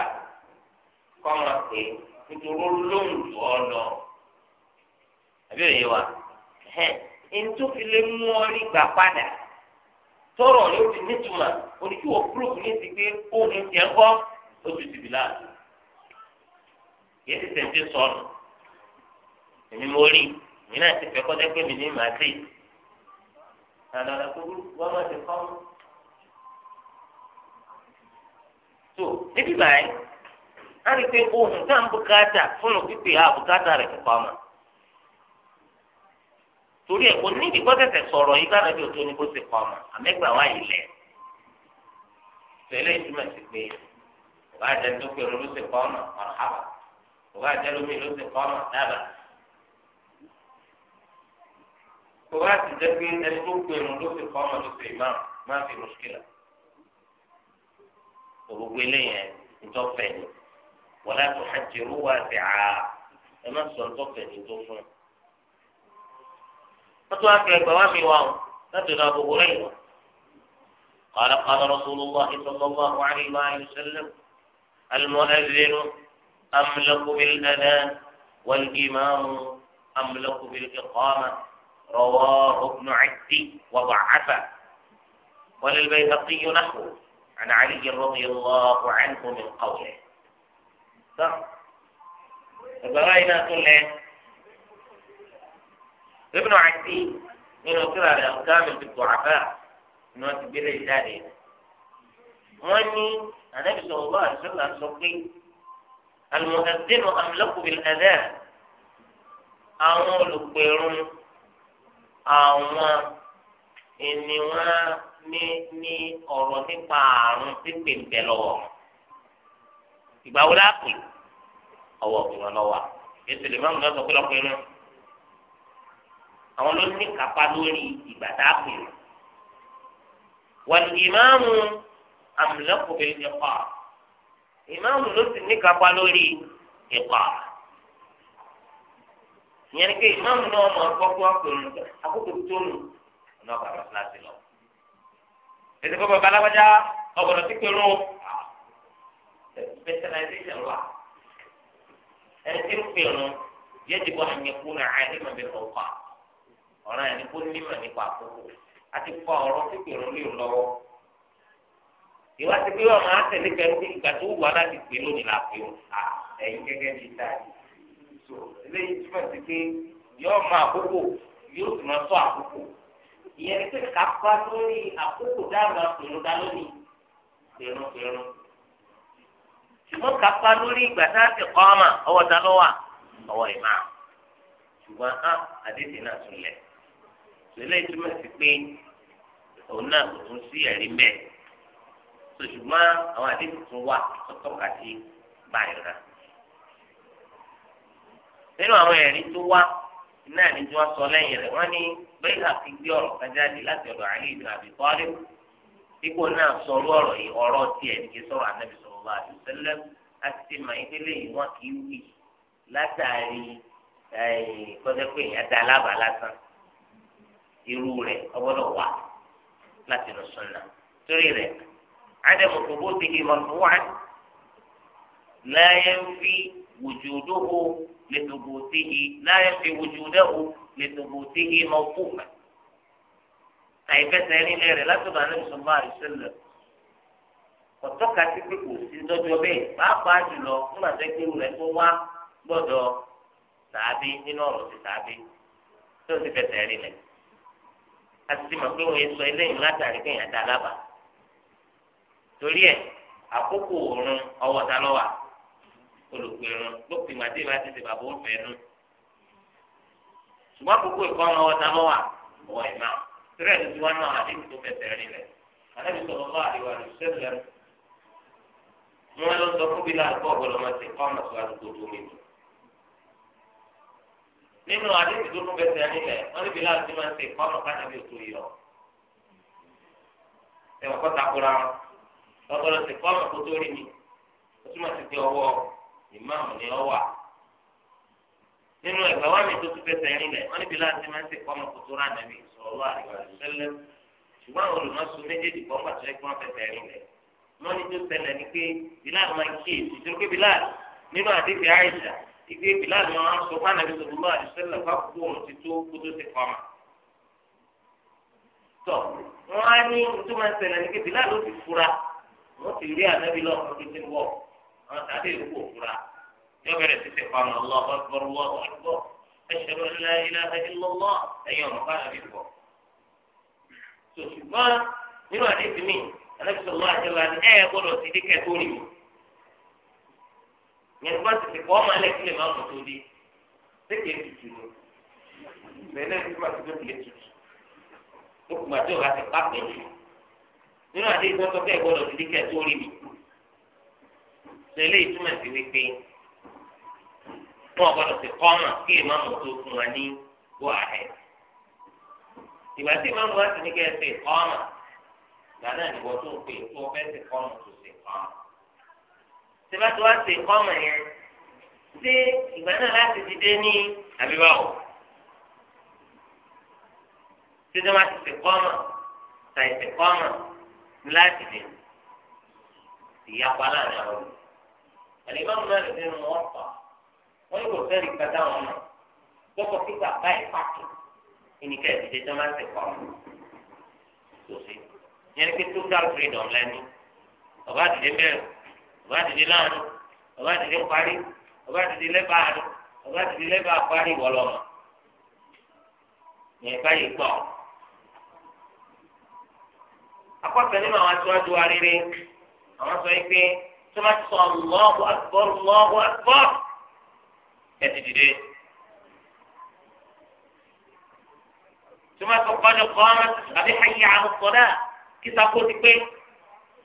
kọ́mọ pé nítorí lóhùn jù ọ lọ àbí òye wa ẹ̀ ń tó fi lé mú ọ rí gbà padà tọrọ rẹ o ti nítumà oníkíwọ púrúfù ní ti gbé ohun tiẹ̀ kọ́ o ti dìbì láàbù yẹ ti tẹ̀ ń ti sọ̀rọ̀ èmi mo rí èmi náà ti fẹ́ kọ́jọ́ pé mi ní màá dé àdàlà gbogbo wọn máa ti kọ́ tó níbí báyìí a rí i pé ohun tá à ń bùkátà fún òkú pé rẹ̀ kọ́ ọmọ torí ẹ̀ kò ní ibi kọ́ tẹ̀sẹ̀ sọ̀rọ̀ yìí kára bí o tó ní kó ti kọ́ ọmọ àmẹ́gbà wá ilẹ̀ tẹ̀lé ìtumọ̀ sí pé òbá jẹ́ tó pé ló ti kọ́ ọmọ ọ̀hábà òbá jẹ́ lómi ló ti kọ́ ọmọ dábà òbá ti jẹ́ pé ẹni tó pé ló ti kọ́ ló ti máa máa fi mùsùlùmí gbogbo eléyẹn ntọ́fẹ̀ ni wọ́n á tó hajj rú ẹ má sọ ntọ́fẹ̀ ni tó fún un. wọ́n tún wá fi ẹgbẹ́ wá قال قال رسول الله صلى الله عليه وآله وسلم المؤذن أملك بالأذان والإمام أملك بالإقامة رواه ابن عدي وضعفه وللبيهقي نحو عن علي رضي الله عنه من قوله. صح؟ فبراينا كله Ibn Ati nínú kíra rẹ̀ káàmì ti tọ̀ àfẹ́ ni wọ́n ti gbélé jáde. Wọ́n ní ànábì sọ̀rọ̀ bá àṣọlá sọ pé al-mu'adhdhinu amlaku bil-adhan àwọn olùpẹ̀rún àwọn ènìwọ̀n ní ní ọ̀rọ̀ nípa àrùn tí pèǹpè lọ́wọ́ ìgbà wo lápè ọwọ́ òkùnrin lọ́wọ́ ètò ìlú mọ́mú náà sọ pé lọ́pọ̀ irun àwọn ló ní kápá lórí ìgbà tá a pè é wàlú ìmáàmù àmúlẹ́kùnrin nípa ìmáàmù ló sì ní kápá lórí ìpa ìyẹn ni pé ìmáàmù náà mọ̀ ọgbọ́gbọ́ pẹ̀lú àkókò tó nù ọ̀nà bàbá láti lọ. ètò ìfọwọ́ bàbá alágbájá ọ̀gbọ̀nà tí pẹ̀lú specialization wà ẹni tí ń pẹ̀lú yẹ́n ti bọ́ àyẹ̀kú náà àyẹ̀kú náà bẹ̀rẹ̀ ọ̀pá ọ̀ràn yẹn ni kó nímọ̀ nípa àkókò àti fa ọ̀rọ̀ kékeré lé lọ́wọ́ ìwà ti pé wọn máa tẹ̀lé pẹ̀lú pé ìgbà tó wù aláàbí pé lónìí la pé wọn à gẹ́gẹ́ bíi táyì so eléyìí túmọ̀ sí pé yóò mọ àkókò yóò sì máa sọ àkókò ìyẹn ni pé kápá lórí àkókò dáàbà pèrò dá lónìí pèrò pèrò ṣùgbọ́n kápá lórí ìgbà tá a ti kọ́ ọ́ mà ọwọ́ ta lọ́wọ́ ọwọ́ ìmáà ṣùgbọ́n á àdéhùn náà tún lẹ̀ sọlá ìtumọ̀ sí pé òun náà kò tún sí ẹ̀rí mẹ́ ṣùgbọ́n àwọn àdéhùn tún wà tọ́ka sí báyìí rà nínú àwọn ẹ̀rí tó wá náà ní tí wọ́n sọ lẹ́yìn rẹ̀ wọ́n ní bẹ́ẹ̀ àti gbé ọ̀rọ̀ kan jáde láti ọ̀dọ̀ àlẹ́ ìlú àbí tọ́lé ipò náà sọ̀rọ̀ ọ̀rọ̀ yìí ọ̀rọ̀ tiẹ̀ ní kí sọ̀rọ̀ ànábì sọ̀rọ̀ bá àti sẹ́lẹ̀ àti ti mà ìdílé yìí wọ́n kì í látàrí kọjá pé alábàá lásán irú rẹ̀ ọgbọ́dọ̀ wà láti nù sunna torí rẹ̀ adamu thubutihi marfu'an la yanfi wujuduhu li thubutihi la yanfi wujudahu li thubutihi mawqufan àìfẹsẹ̀ nílẹ̀ rẹ̀ látọ̀dọ̀ àlẹ́ mùsùlùmá àìsílẹ̀ ọ̀tọ́ka tí pé kò sí lọ́jọ́ bẹ́ẹ̀ pàápàá jùlọ nígbà tó kéwù rẹ̀ tó wá gbọ́dọ̀ tàbí nínú ọ̀rọ̀ ti tàbí tó ti fẹsẹ̀ nílẹ̀ àti mọ̀ pé wọ́n sọ eléyìí látàrí pé èèyàn dá lába torí ẹ̀ àkókò òórùn ọwọ́ ta lọ́wà olùpẹ̀rùn lópin ìgbà tí ìbá ti ṣe bàbá òfin nù ṣùgbọ́n àkókò ìkọ́ ọmọ ọwọ́ ta lọ́wà ọwọ́ ìmọ̀ torí ẹ̀ ló ti wá náà àdéhùn tó fẹsẹ̀ rìn rẹ̀ àdéhùn tó lọ́wọ́ àríwá rẹ̀ sẹ́lẹ̀ wọn lọ sọ fún bílà àgbọ̀ ọ̀gbọ̀lọ́mọ nínú àdéhùn tó tún bẹsẹ̀ nílẹ̀ wọ́n níbi láti máa ń ṣe ìkọ́nù káàdì ètò ìyọ̀ ẹ̀wọ̀n kọ́ takora wọn lọ́gbọ́dọ̀ ṣe ìkọ́nù kó tó rí mi ó túmọ̀ sí pé ọwọ́ ìmáàmù ni ọ wà nínú ẹ̀gbẹ́ wọn mi tó tún bẹsẹ̀ nílẹ̀ wọ́n níbi láti máa ń ṣe ìkọ́nù kó tó rà nàbì sọ̀rọ̀ àríwá ìṣẹ́lẹ̀ ṣùgbọ́n àwọn olùmọ̀sọ méjèèjì kan pàtó ẹ̀kọ́ wọn fẹsẹ̀ nílẹ̀ wọ́n ní tó ṣẹlẹ̀ ni pé bíláàdì máa ń kíyèsí tó pé bíláàdì nínú àdéhùn àìsàn ìgbé bilal máa ń sọ fún anabi sọlọ àdìsẹlẹ fáfù òun ti tó kótó ti kọmà tọ wọn á ní tó máa ń ṣẹlẹ̀ ní pé bilal ó ti fura wọn ti rí anabi lọ fún títí wọ àwọn tàbí ìlú kò fura yóò bẹ̀rẹ̀ sí ti kọmà lọ́wọ́ akbar lọ́wọ́ akbar ashhadu an la ilaha illallah ẹ̀yìn ọ̀nà fún anabi yẹn bá ti fi kọ́ ọmọ alẹ́ kí lè má mọ̀ tó dé sékèé tutù ni bẹ́ẹ̀ ní ma ti tó kìlẹ̀ tutù ó kùmà tó o bá ti pápẹ́ jù nínú àti ìtọ́tọ́ kẹ́ gbọ́dọ̀ ti di kẹ́ tó rí mi tẹ̀lé ìtumọ̀ sí wípé wọn gbọ́dọ̀ ti kọ́ ọmọ kí lè má mọ̀ tó fún wa ní wọ́ ìgbà tí ìmọ̀ wọn ti ní kẹ́ ẹ ti kọ́ ọmọ gbàdá ìwọ tó ń fẹ́ ti kọ́ ọmọ tó ti kọ́ ọmọ tẹ́lẹ̀tì wá sí kọ́mọ̀ yẹn ṣé ìgbà náà láti dìde ní àbíbáwò tẹ́lẹ̀ wá sí sí kọ́mọ̀ tàì sí kọ́mọ̀ láti dìde ìyapa láàrin àwọn olùkọ́ àlèbáwò náà lè fi mú ọ̀pá wọ́n yóò fẹ́ rí kàtà wọn mọ̀ lọ́kọ̀ pípa báyìí pàtó ìníkẹ́ ìdíje tó máa ń sì kọ́mọ̀ tó ṣe yẹn ní pé total freedom lẹ́nu ọ̀bá àtìlẹ́bẹ̀rẹ̀ ọba àtìdí láàánú ọba àtìdí parí ọba àtìdí lẹ́bà àánú ọba àtìdí lẹ́bà parí wọlọ́mọ ní ẹ̀ka yìí gbọ́. akọ́fẹ́ nínú àwọn aṣáájú wa rere àwọn sọ yìí pé tó bá ti sọ Allahu Akbar Allahu Akbar ẹ̀ ti dìde. tó bá kọ́ ọ́n àti hayya ala salat kí sáko ti pé.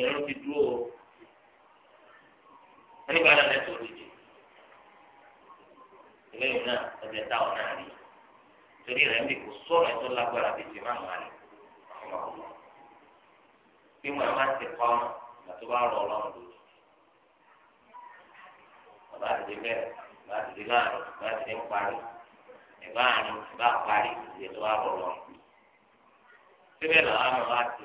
ìrún ti dúró o nígbà náà lẹ́tọ̀ òdìdí ìlẹ́yìn náà ẹ̀jẹ̀ táwọn náà rí torí rẹ̀ ń bí kò sọ̀rọ̀ ẹ̀tọ́ lágbára bíi ti máa mú àlè bí wọn máa ti kọ́ ọ́n ìgbà tó bá rọ ọlọ́run lójú bàbá àti ìdílé bàbá àti ìdílé àrùn bàbá àti ìdílé ń parí ìbá àrùn ìbá parí ìdílé tó bá rọ ọlọ́run síbẹ̀ làwọn máa ti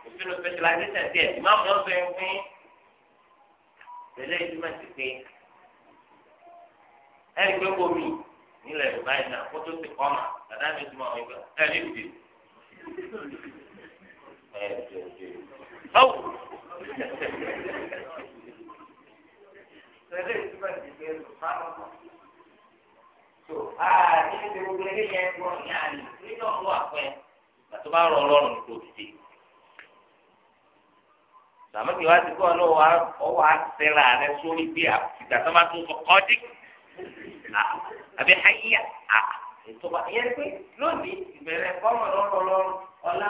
sínú specialization díẹ̀ ìmáàmù náà fẹ́ fún tẹ̀lé ìtumọ̀ sí pé ẹ̀rí pé kò mí nílẹ̀ yorùbá yìí náà kó tó ti kọ́ mà dàda mi túmọ̀ àwọn ìgbà ẹ̀rí ìdè. báwo tẹ̀lé ìtumọ̀ sí pé báwo tó ààrẹ ní ìdè gbogbo ẹgbẹ́ yẹn gbọ́ ní àná bá rọ ọlọ́run kò dìde sàmú kí wá ti kọ́ ló wá ọwọ́ àtẹ̀rà rẹ sórí bí àtìgbà tó máa tó sọ kọ́dí àbí ayíyá ètò wa yẹn pé lónìí ìbẹ̀rẹ̀ kọ́mọ̀ lọ́rọ̀ lọ́rọ̀ ọ̀la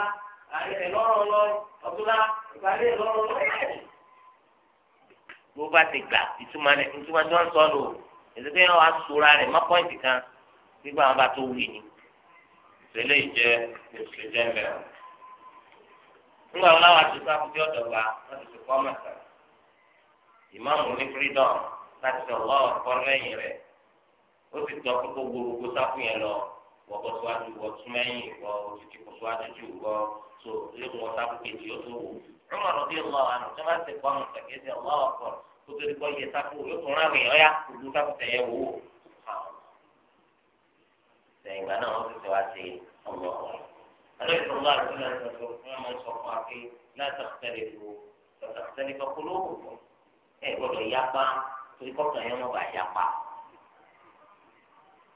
àyẹ̀ lọ́rọ̀ lọ́rọ̀ ọ̀túnla ìpàdé lọ́rọ̀ lọ́rọ̀ bó bá ti gbà ìtumọ̀ rẹ̀ ìtumọ̀ tí wọ́n sọ lò èsì pé wọ́n á sora rẹ̀ mọ́ pọ́ìntì kan nígbà wọn bá tó wù ní. ìṣẹ̀lẹ̀ ìjẹ́ ìṣẹ̀lẹ̀ mẹ́rin nígbà wọn láwọn àti sáfù bí ọ̀dọ̀ wa wọ́n ti fi kọ́ mọ̀tà ìmáàmù ní freedom láti sọ wọ́n ọ̀kọ́ lẹ́yìn rẹ̀ ó sì tọ́ kókó gbogbo sáfù yẹn lọ wọ́n bọ́ síwájú wọ́n tún mẹ́yìn wọ́n òtútù kò síwájú jù wọ́n tó lẹ́kùn wọn sáfù kejì ó tó wò ọmọ rọ̀bí ọlọ́ àná tó máa ń ti kọ́ mọ̀tà kéde ọlọ́ ọ̀kọ́ kó tó di kọ́ yẹ sáfù yóò tún rán àwìn ọ̀yá gbogbo sáfù tẹ̀yẹ wò ó. sẹ̀yìn النبي صلى الله عليه وسلم يقول لا تختلفوا فتختلف قلوبكم إيه gbọ́dọ̀ yapa torí يوم yẹn wọn bá yapa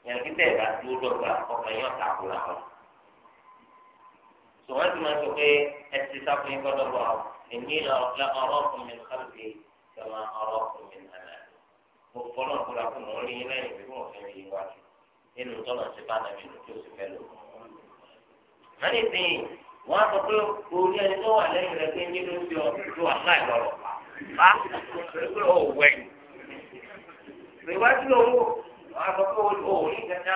yẹn kí bẹ́ẹ̀ bá dúró dọ́gba ọkàn yẹn ọta àbúrà wọn. sọ wọn ti máa sọ pé ẹ ti sáfún yín gbọ́dọ̀ bọ àwọn èmi lọ ọ̀rọ̀ fún mi nǹkan ti sọmọ ọ̀rọ̀ fún mi nàlẹ mo fọlọ nkúra fún mi wọn rí yín lẹ́yìn bí wọn fẹẹ rí wájú nínú tọnà tí bá nàbí lókè òsì fẹẹ lò àní sìn wọn sọ pé orí ẹni tó wà lẹ́yìn rẹ pé ní ló ń fi ọ tó wà láì lọ́rọ̀ bá pé ó wẹ̀ ìwádìí lòun wọn sọ pé òórí kẹta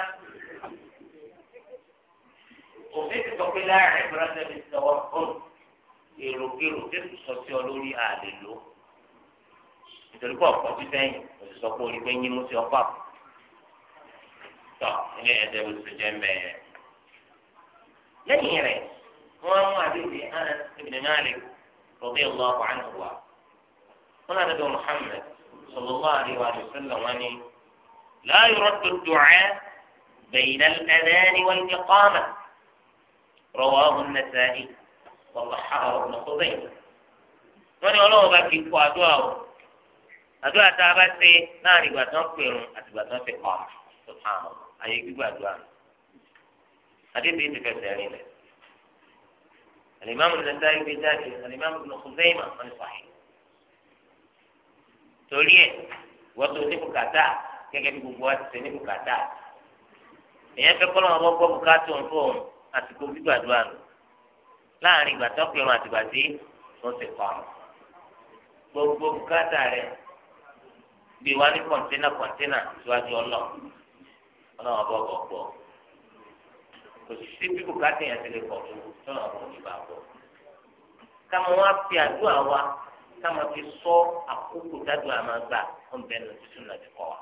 òfin ti sọ pé láàrin ìbúrọ́sẹ̀ mi sọ wọn kọ́ èròkèrò tó ti sọ sí ọ lórí àlè lò nítorí pé ọ̀pọ̀ ti sẹ́yìn kò sì sọ pé orí pé yín mú sí ọ̀pọ̀ àpò. tọ́ ilé ẹ̀dẹ́ bó ti jẹ́ mẹ́ẹ̀ẹ́. lẹ́yìn rẹ̀ wọ́n mú àdéhùn Anas ibn Malik radiyallahu anhu wa wọ́n náà dẹ́gbẹ́ Muhammad sallallahu alayhi wa sallam wọ́n ní la yuraddu ad-du'a bayna al-adhan wal-iqamah rawahu an-Nasa'i wa sahhahahu Ibn Khuzaymah wọ́n ní ọlọ́wọ́ bá fi kó àdúrà o àdúrà tá a bá ṣe láàrin ìgbà tán pèrún àtìgbà tán fi kọ́ àmà ayé gbígbàdúrà nù. حديث في التاريخ الإمام النسائي في ذاته الإمام ابن خزيمة من صحيح توليه wọ́tò ní bùkátà gẹ́gẹ́ bí gbogbo wa ti ṣe ní bùkátà èèyàn fẹ́ kọ́lọ́ wọn gbọ́ bùkátà òun fóun àsìkò gbígbàdúrà nù láàrin ìgbà tó pinnu àtìgbà tí wọ́n ti pa ọ́n gbogbo bùkátà rẹ̀ gbé wa ní kọ̀ńténà kọ̀ńténà síwájú ọlọ́ ọlọ́wọ́n bọ́ bọ̀ kò sí bí bùkátà yẹn ti lè pọ̀ tó tọ́nà ọ̀rọ̀ ìbá bọ̀. káwọn wá fi àdúrà wa káwọn fi sọ àkókò dádùn àmà gbà ọ̀nbẹ nù tuntun náà ti kọ́ wa.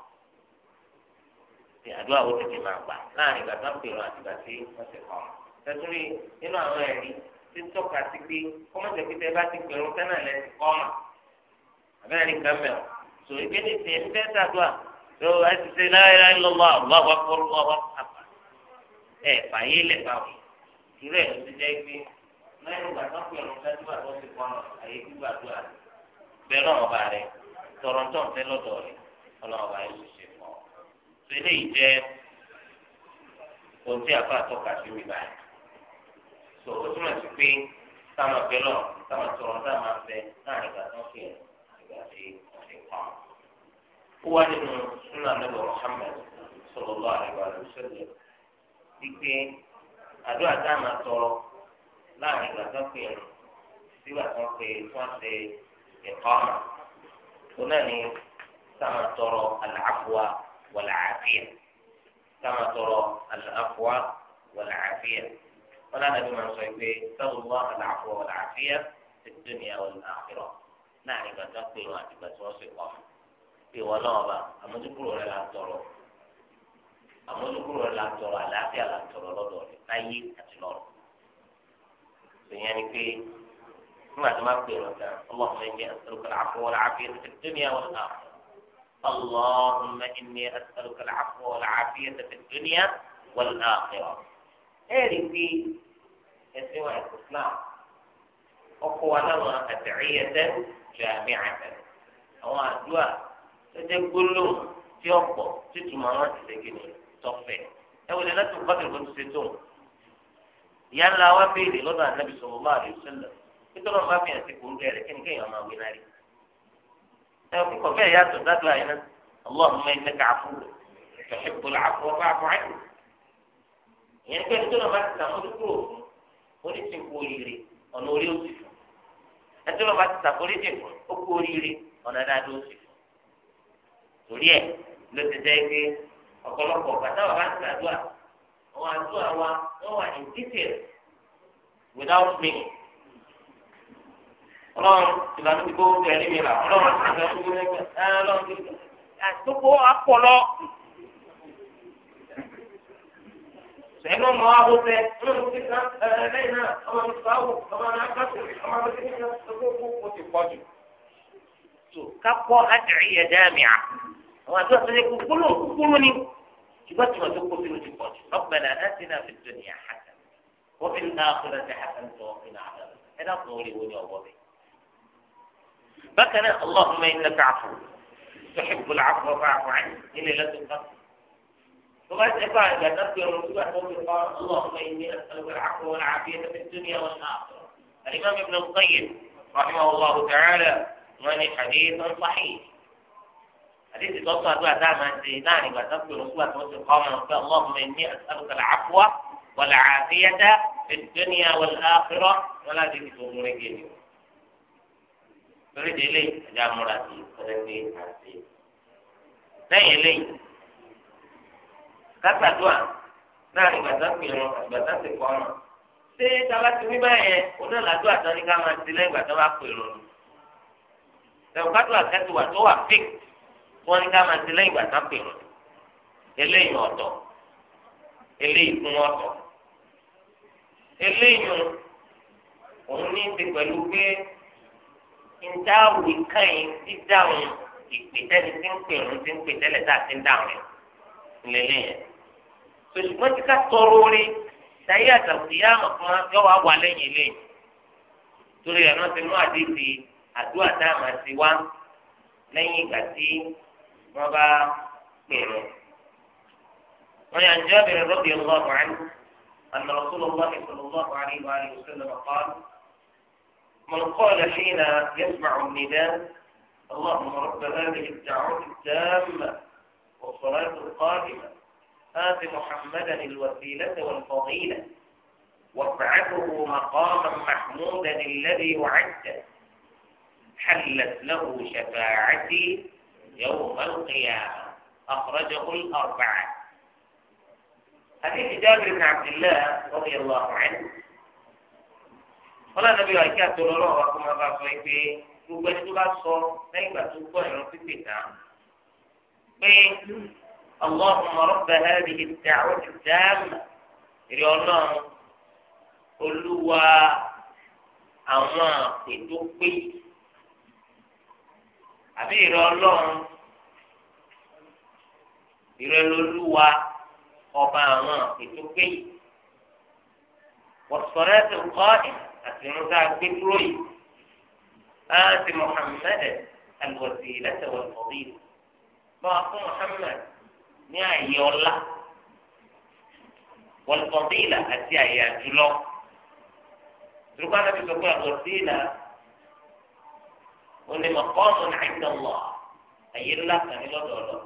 ti àdúrà wo tètè máa gbà láàrin ìgbà tó ń pèrò àti tí wọ́n ti kọ́ wa. tẹ̀síwì nínú àwọn ẹ̀rí ti tọ́ka sí pé kọ́mọ̀tẹ̀ pété bá ti pèrò tẹ́nà lẹ́ ti kọ́ mà. àbẹ́rẹ́ nǹkan mẹ́ o sọ ìgbé ní ti ẹ fàyè lẹ̀ báwọn ìrẹ́ ló ti jẹ́ pé lẹ́yìn ìgbà tó pè ọ́n ṣáájú àti wọ́n ti kọ́ ọ́n àyè gbígbàdúrà bẹ́ẹ̀ náà ọba rẹ̀ tọrọ tó ń fẹ́ lọ́dọ̀ rẹ̀ ọlọ́ọ̀bá yóò ṣe fún ọ. tó eléyìí jẹ́ ohun tí a bá tọ́ka sí mi báyìí. tó o túmọ̀ sí pé táwọn ọ̀fẹ́ lọ táwọn tọrọ táwọn afẹ́ láàrin ìgbà tó ń pè ọ́n ìgbà tí wọ́n ti kọ́ ọ́n. ó wá nínú súnà nílò Muhammad sallallahu alaihi wa sallam ikpe àdúrà tá a máa tọrọ láàrin ìgbà tó pè é sígbà tó pè é tó ń ṣe ẹ̀kọ́ ọ̀nà tó náà ní tá a máa tọrọ àlàáfíà àfíà tá a máa tọrọ àlàáfíà wàlàáfíà wọn náà nàbí máa sọ pé sábà wà àlàáfíà àfíà ti ní dúnìá wàlàáfíà láàrin ìgbà tó pè é àti ìgbà tó ń ṣe kọ́ ọ̀nà ìwọ náà bá àmójúkúrò rẹ la tọrọ. àmójúkúrò la ń tọrọ àlàáfíà la tọrọ lọ́dọ̀ rẹ̀ láyé àti lọ́rọ̀ ìyẹn ni pé nígbà tó máa pè é lọ́gà ọlọ́run ẹ̀jẹ̀ àtàlùkọ̀lá àfọwọ́lá àfihàn ti dúnìá wọn náà اللهم إني أسألك العفو والعافية في الدنيا والآخرة ẹ̀rí pé ẹ̀sìn wa ìsìlám ọkọ̀ wa láwọn àtẹ̀yẹsẹ̀ jàmí àtẹ̀ àwọn àdúrà tẹ́tẹ́ gbólóhùn tí ọ̀pọ̀ títúmọ̀ wọn ti ṣe kí ni tọ́fẹ̀ ẹ wọlé láti wọ́n kọ́tù ìbọn ṣe tó ìyá ńlá wa béèrè lọ́dọ̀ ànábì sọ̀rọ̀ máa lè sẹ́lẹ̀ nítorí wọn bá fi hàn sí kòńgẹ́ rẹ̀ kí ni kéèyàn máa wí náà rí ẹ kíkọ̀ bẹ́ẹ̀ yàtọ̀ dáadáa yẹn náà اللهم إنك عفو تحب العفو فاعف عنه ìyẹn pé nítorí ọba ti sàmójúkúrò fún oníṣẹ́ kú oríire ọ̀nà orí òsì fún nítorí ọba ti sàforíjì fún ó kú oríire ọ̀nà dáadọ́ òsì fún torí ẹ̀ ló ti jẹ́ pé ọ̀pọ̀lọpọ̀ bàtà wà bá ti gbàdúrà àwọn àdúrà wa wọ́n wà ní detail without me. ọlọ́run ìlànà ìgbó ẹ̀rí mi rà ọlọ́run ìlànà ìgbó ẹ̀rí mi rà ọlọ́run ìlànà àtúkò àpọ̀lọ. sẹ́nu ọmọ ahó fẹ́ ọmọ mi kíkà lẹ́yìn náà ọmọ mi fà wò ọmọ mi akásù ọmọ mi kíkà ọmọ mi kó o ti pọ̀ jù. ká kọ́ àtẹ̀yẹ dáàmì à. àwọn àdúrà tó yẹ kúkúrú kúkúrú ni ṣùgbọ́n tí wọ́n tó kó sínú ti pọ̀ jù lọ́pẹ̀lẹ̀ àdáṣínà fi dunya hasan wọ́n fi ń dá àkúrẹ́ sí hasan tó wọ́n fi ń àdá ẹ dákun orí wo ni ọwọ́ mi. bákan náà allahumma innaka afu tuhibbul afwa fa'fu anni nílé lẹ́tọ̀ kan. tó bá ṣe bá àgbà náà fi ọrùn sígbà tó fi kọ́ allahumma inni as'aluka al-afwa wal afiyata fid dunya wal akhirah. al-imam ibn al-qayyim rahimahullahu ta'ala wọ́n ní hadith sahih حديث توصى دعاء دائما زيدان إذا تذكر رسولة توصل قوما اللهم إني أسألك العفو والعافية في الدنيا والآخرة ولا تجد أمور جميلة torí di eléyìí ẹja múra sí ọlẹ́gbẹ́ àti lẹ́yìn eléyìí kátàdúà láàrin gbàdápì irun àgbàdápì kọ́nà ṣé tábà ti wí báyẹn onílàdúà tán ní ká máa ti lẹ́yìn gbàdápà pè irun ẹ̀wọ̀n kátàdúà kẹtùwà tó wà fíkì wọ́n ní ká máa ti lẹ́yìn ìgbà tán pè wọ́n eléyìí ọ̀tọ̀ eléyìí kún ọ̀tọ̀ eléyìí òun ní ti pẹ̀lú pé ìdáwì kẹ́yìn ti dáhùn ìpètẹ́ni ti ń pè wọ́n ti ń pè tẹ́lẹ̀ tá a ti ń dáhùn lélẹ́yìn ṣùgbọ́n ti ká tọrọ orí sáyé àtàkùyá ọ̀kan yọ wá wà lẹ́yìn eléyìí torí ẹ̀ náà ti mú àdéhùn àdúrà táwọn àti wá lẹ́yìn ìgbà tí. wọn bá pèrò wọn yà Jabir radiyallahu أن رسول الله صلى الله عليه وآله وسلم قال من قال حين يسمع النداء اللهم رب هذه الدعوة التامة والصلاة القادمة آت محمدا الوسيلة والفضيلة وابعثه مقاما محمودا الذي وعدته حلت له شفاعتي يوم القيامة أخرجه الأربعة حديث جابر بن عبد الله رضي الله عنه قال النبي عليه الصلاة والسلام وكما في gbogbo ẹni tó bá sọ lẹ́yìn ìgbà tó gbọ́ ìran pípé kan pé allahumma rabba hadhihi ad-da'wati ad-damma ọlọ́run olúwa àwọn ètò pé àbí èrè ọlọ́run ìrẹ̀lólúwa ọba àwọn ètò péye wọ́sọ̀rọ̀ ẹ̀sẹ̀ kọ́ ẹ̀ àti musa gbé dúró yìí láti muhammed alwasi lẹ́sẹ̀ wọ̀ fọ́bí bá a fún muhammed ní àyè ọlá wọ́n fọ́bí là àti àyè àjùlọ turukọ́ anábì sọ pé alwasi là onímọ̀kọ́ ọ̀nà àìsàn lọ àyè ńlá kan ní lọ́dọọdọ.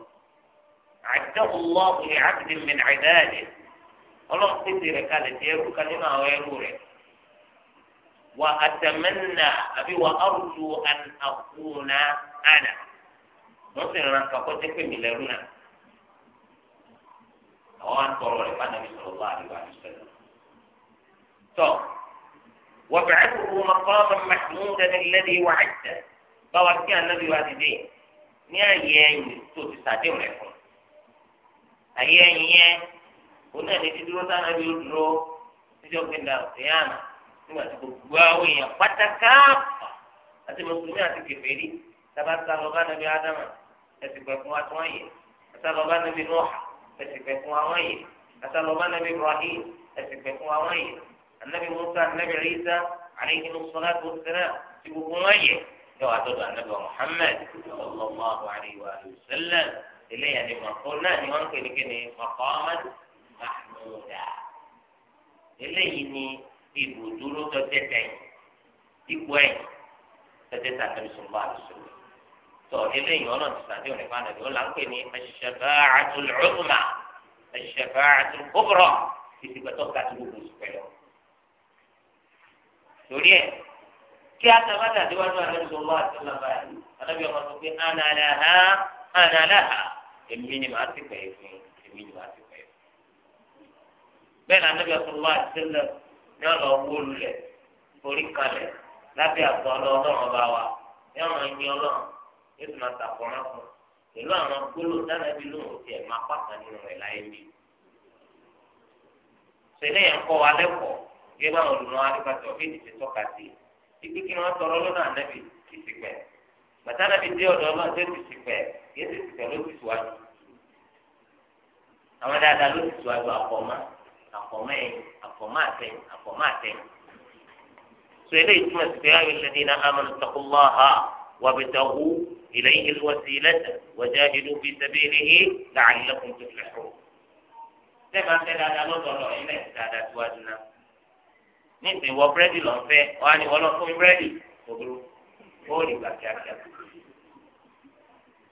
عده الله لعبد من عباده الله قدر كان تيرو كان هنا وأتمنى أبي وأرجو أن أكون أنا ممكن أن تكون تكون مليرونا أو صلى الله عليه وسلم تو وابعثه مقاما محمودا الذي وعدته فوكان النبي وعدته ní àyè ẹ̀yìn tó ti sàdéhùn ayé ẹyin yẹn òun náà lè ti dúró sáà náà bí ó dúró níjọ́ gbẹ̀dà òsèyàn nígbà tí gbogbo àwọn èèyàn pátákà àti mùsùlùmí àti kèfèrí sábà sálọ bá nàbí ádámà ẹsì pẹ̀ fún atún ayé sálọ bá nàbí nọ́ọ̀hà ẹsì pẹ̀ fún àwọn ayé sálọ bá nàbí ibrahim ẹsì pẹ̀ fún àwọn ayé anabi musa anabi isa aleyhi musalatu wassalam ti gbogbo wọn ayé yọ àdọdọ anabi muhammed sallallahu alayhi wa sallam eléyà ni mọ̀kọ́ náà ni wọ́n ń pè ní kíni mọ̀kọ́ ọmọdé mahmuda eléyìí ni ibùdúró tọ́jú ẹ̀yìn ipò ẹ̀yìn tọ́jú ẹ̀sàtẹ́bí sọ̀rọ̀ àlùsọ̀rọ̀ tọ́ eléyìí ọ̀nà ti sàdé òní fún ànàbí ọ̀là ń pè ní ash-shafa'atul 'uzma ash-shafa'atul kubra ìsìgbẹ́tọ̀ gàtú gbogbo ìsìgbẹ́ lọ. torí ẹ̀ kí a tàbátà déwájú ànàbí sọ̀rọ̀ àlùsọ̀rọ̀ ànàbí ọmọ tó pé ana laha ana laha èmi ni màá ti pè é fún èmi ni màá ti pè é fún. bẹ́ẹ̀ ni anábìá tó wá sílẹ̀ ní ọ̀nà owó lulẹ̀ orí kalẹ̀ lábẹ́ àtọ̀ ọlọ́run ọba wa ní ọ̀nà ẹni ọlọ́run ní ìtumọ̀ àtàkùnrin fún pẹ̀lú àwọn gbólóhùn dáná bí lóhùn tiẹ̀ máa pàtàkì nínú rẹ̀ láyé bí. sẹ́lẹ̀ yẹn kọ́ wa lẹ́kọ̀ọ́ gẹ́gẹ́ bá àwọn olùmọ̀ adébàtì ọ̀gẹ́dì ti tọ́ka sí i. ibi kí wọ́n tọrọ lọ́nà ànábì ìsìnkú bàtà nàbí dé ọ̀dọ̀ ọlọ́run tó ti sì pẹ̀ yé ti sì pẹ̀ ló ti síwájú àwọn dáadáa ló ti síwájú àkọ́mọ́ àkọ́mọ́ ẹ̀yìn àkọ́mọ́ àtẹ̀yìn àkọ́mọ́ àtẹ̀yìn sọ eléyìí túmọ̀ sí pé ayọ̀ ìṣẹ̀dí iná amanu taqullaha wabtaghu ilayhi alwasilata wajahidu fi sabilihi la'allakum tuflihun tẹ́ẹ̀ máa fẹ́ dáadáa lọ́dọ̀ ọ̀rọ̀ ilẹ̀ dáadáa síwájú náà nísìnyí wọ búrẹ́dì lọ́nfẹ́ wọ́n á ní wọ́n lọ fún búrẹ́dì òbúrú ó rí gbàgbé àgbà.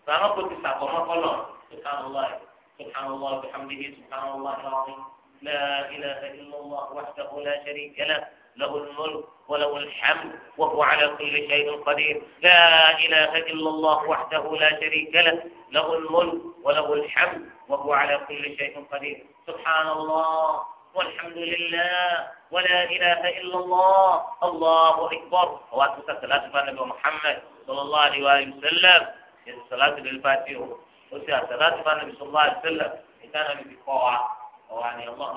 فما كنت ساقوم قلنا سبحان الله سبحان الله بحمده سبحان الله العظيم لا إله إلا الله وحده لا شريك له له الملك وله الحمد وهو على كل شيء قدير لا إله إلا الله وحده لا شريك له له الملك وله الحمد وهو على كل شيء قدير سبحان الله والحمد لله ولا إله إلا الله الله أكبر وأتوسط الأسماء النبي محمد صلى الله عليه وسلم yẹtù sọláàtì lórí fàtí o ó sì àtàláàtì bá nàbì sọlá àtẹlẹ ìta nàbì fi kọ́ wa ọ̀wà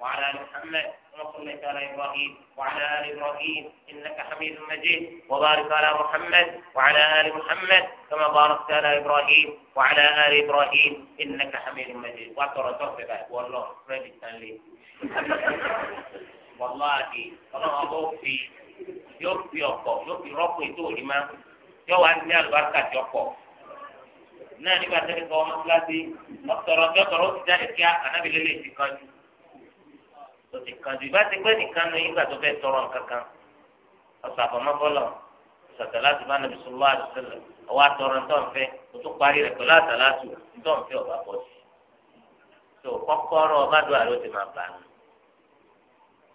وعلى آل محمد كما صليت على إبراهيم وعلى آل إبراهيم إنك حميد مجيد وبارك على محمد وعلى آل محمد كما باركت على إبراهيم وعلى آل إبراهيم إنك حميد مجيد وأكثر توفيق والله رجل لي والله ọlọ́run ọba ó fi yóò fi ọ̀pọ̀ yóò fi yọ wá ní alùbáríkà tí ó pọ̀ náà nígbà tó ní kọ́ ọmọ kíláàsì ọ̀tọ̀rọ̀ tí ọ̀tọ̀rọ̀ ti jáde kí anábì lélẹ̀ ti kan jù ó ti kan jù ìbá ti pẹ́ nìkan nu yín gbà tó fẹ́ tọrọ nǹkan kan ọ̀sàfọ̀mọ́ bọ́lọ̀ sàtàlátù bá nàbì sọlá àdùsẹlẹ ọwọ àtọrọ ntọ́ nfẹ o tún parí rẹ pẹ̀lú àtàlátù ntọ́ nfẹ ọba pọ̀ sí tó kọ́kọ́rọ́ ọba dùn àlọ́ ti máa bá a nù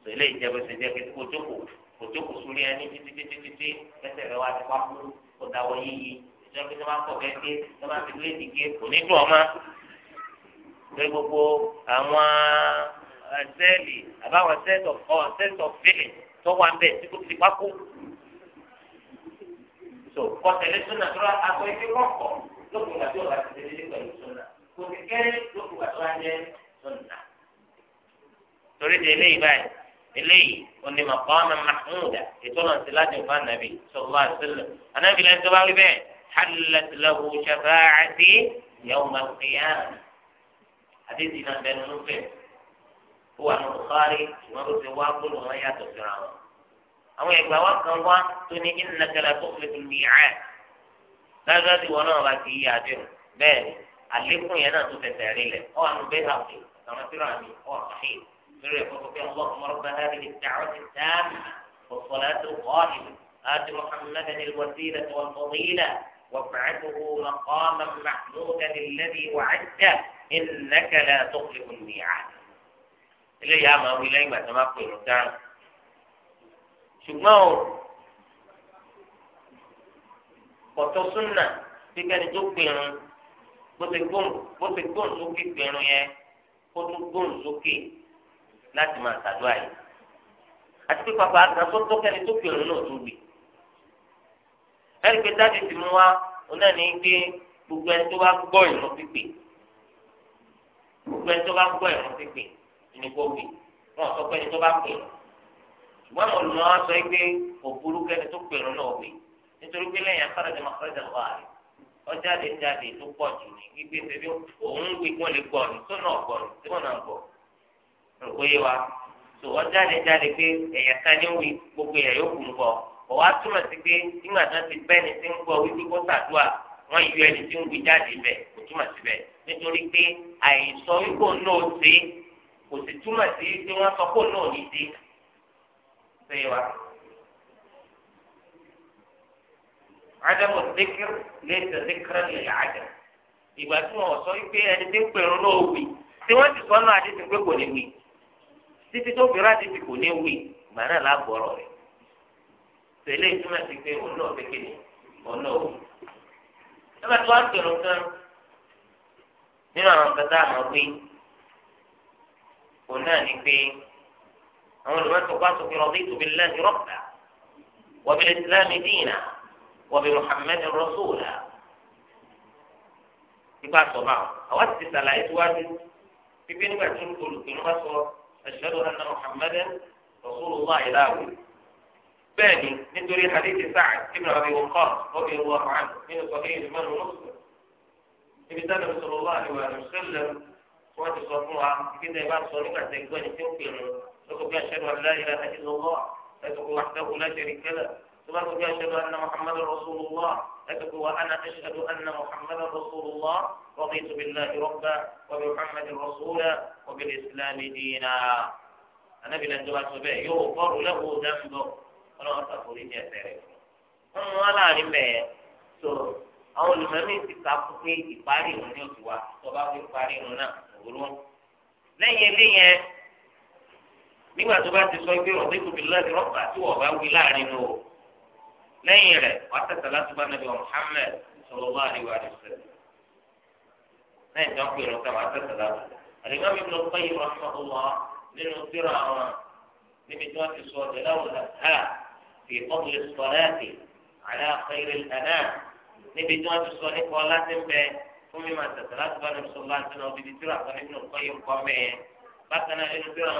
tó ilé ìjẹ́bù ṣe jẹ́ kí o jókòó kò jókòó sórí ẹni títí títí títí ẹsẹ̀ rẹ̀ wá ti wá kú kó dáwọ́ yíyí ìjọba pé sọ́mà pọ̀ bẹ́ẹ̀ dé sọ́mà fi lé ìdíje kò ní dùn ọmọ pé gbogbo àwọn eh, sẹ́ẹ̀lì àbáwọn sẹ́ẹ̀tọ̀ oh, fílì tó wà ń tí kò ti wá kú. so kọ́tẹ̀lẹ́ sọ́nà tó rà akọ ẹgbẹ́ kọ̀ọ̀kọ̀ lókùn ìgbà tó wà ti tẹ̀lé pẹ̀lú sọ́nà kò ti kẹ́rẹ́ lókùn ìgbà tó wà jẹ́ sọ́nà. torí de eléyìí báyìí eléyìí oní maqama mahmuda ètò náà ti láti fún anabi sallallahu alaihi wasallam anabi lẹ́yìn tó bá rí bẹ́ẹ̀ hallat lahu shafa'ati yawm al-qiyamah àdéhùn náà bẹ́ẹ̀ nínú bẹ́ẹ̀ ó wà ní Bukhari ṣùgbọ́n ló ti wá gbólóhùn wọn yàtọ̀ síra wọn. àwọn ìgbà wa kan wá tó ní innaka la tukhlifu al-mi'ad dájúdájú wọn náà bá ti yí àdéhùn bẹ́ẹ̀ àlékún yẹn náà tó fẹsẹ̀ rí lẹ̀ ọ̀ فيقول فيها اللهم رب هذه الدعوة التامة والصلاة القائمة آت محمدا الوسيلة والفضيلة وابعثه مقاما محمودا الذي وعدته إنك لا تخلف الميعاد. إلي ما هو إلي ما تمقل الرسالة. شو Bọ̀tọ̀ súnà bí kẹ́ni tó gbẹ̀rún bó ti gbọ̀n bó ti gbọ̀n láti máa ṣàdúrà yìí àti pé pàpà àgbàsótó kẹ́ni tó fi òun náà tó gbè ẹni pé dájú ti mú wa òun náà ní gbé gbogbo ẹni tó bá gbọ́ ìrún pípé gbogbo ẹni tó bá gbọ́ ìrún pípé ní kó gbè wọn sọ pé ẹni tó bá pè ṣùgbọ́n àwọn olùmọ̀ wa sọ pé òbúrú kẹ́ni tó pè òun náà gbè nítorí pé lẹ́yìn afárẹ́dẹ́ máa fẹ́rẹ́ dàgbà rẹ̀ ọjà lè jáde tó pọ̀ jù ní gbígbé tẹ́lẹ̀ òun gbé wọn lè gbọ́ ni tó náà gbọ́ rògbò yé wa tó ọjáde jáde pé ẹ̀yà kan ní wí gbogbo ẹ̀yà yóò kù ń bọ̀ ọ̀wá túmọ̀ sí pé nígbà tó ti bẹ́ ẹni tí ń gbọ́ wípé kó sàdúà wọ́n yọ ẹni tí ń wí jáde bẹ̀ kò túmọ̀ síbẹ̀ nítorí pé àìsọ wípò náà ṣe kò sì túmọ̀ sí pé wọ́n sọ pò náà ní dé ṣe wa. عدم الذكر ليس ذكرا للعدم ìgbà tí wọn sọ wípé ẹni tí ń pèrò náà wí tí wọn ti sọ náà àdéhùn pé kò ní wí títí tó fi ráàdì fi kò ní wí ìgbà náà lágbọ̀rọ̀ rẹ̀ tẹ̀lé ìtumọ̀ sí pé òun náà kékeré ni òun náà wò. nígbà tí wọ́n á pèrò kan nínú àwọn nǹkan tá a mọ̀ pé òun náà ní pé àwọn olùmọ̀tò bá sọ pé raditu billahi rabba wa bil islami dina wa bi muhammadin rasula àwọn àti sàlàyé tó wájú pípé nígbà tí olùkọ́ bá sọ أشهد أن محمدا رسول الله له ثاني من دوري حديث سعد بن أبي وقاص رضي الله عنه من صحيح من ونصف في صلى الله عليه وسلم وأنت صفوها يمكن أن يبقى صفوها زي كوني تنكر يقول أشهد أن لا إله إلا الله لا يقول وحده لا شريك له ثم يقول أشهد أن محمدا رسول الله أتك وأنا أشهد أن محمدا رسول الله رضيت بالله ربا وبمحمد رسولا وبالإسلام دينا النبي لن تبعث به يغفر له ذنبه ولا أتقول إني أتعرف ولا أعلم so àwọn olùmọ̀mí ti kà fún pé ìparí ìrùn ní òtù wa tọba fún ìparí ìrùn náà òwúrọ̀ lẹ́yìn eléyẹn nígbà tó bá ti sọ pé ọ̀dẹ́kùnrin lọ́dẹ rọ́pà tí wọ́n bá wí láàrin o. lẹ́yìn rẹ̀ wàá tẹ̀sẹ̀ láti bá nàbẹ̀ Muhammad sallallahu alaihi wa sallam lẹ́yìn tó ń pè lọ́kà wàá tẹ̀sẹ̀ láti. àlùmọ́ mi lọ pẹ́yì rahmatullah nínú síra wọn níbi tí wọ́n ti sọ ọ̀dẹ̀ láwùjọ ha fi fadli salati ala khairil anam níbi tí wọ́n ti sọ nípa ọlá ti ń bẹ fún mi máa tẹ̀sẹ̀ láti bá nàbẹ̀ sallallahu alaihi wa sallam bíbi síra kan nínú pẹ́yì kọ́ mẹ́yẹn bákan náà nínú síra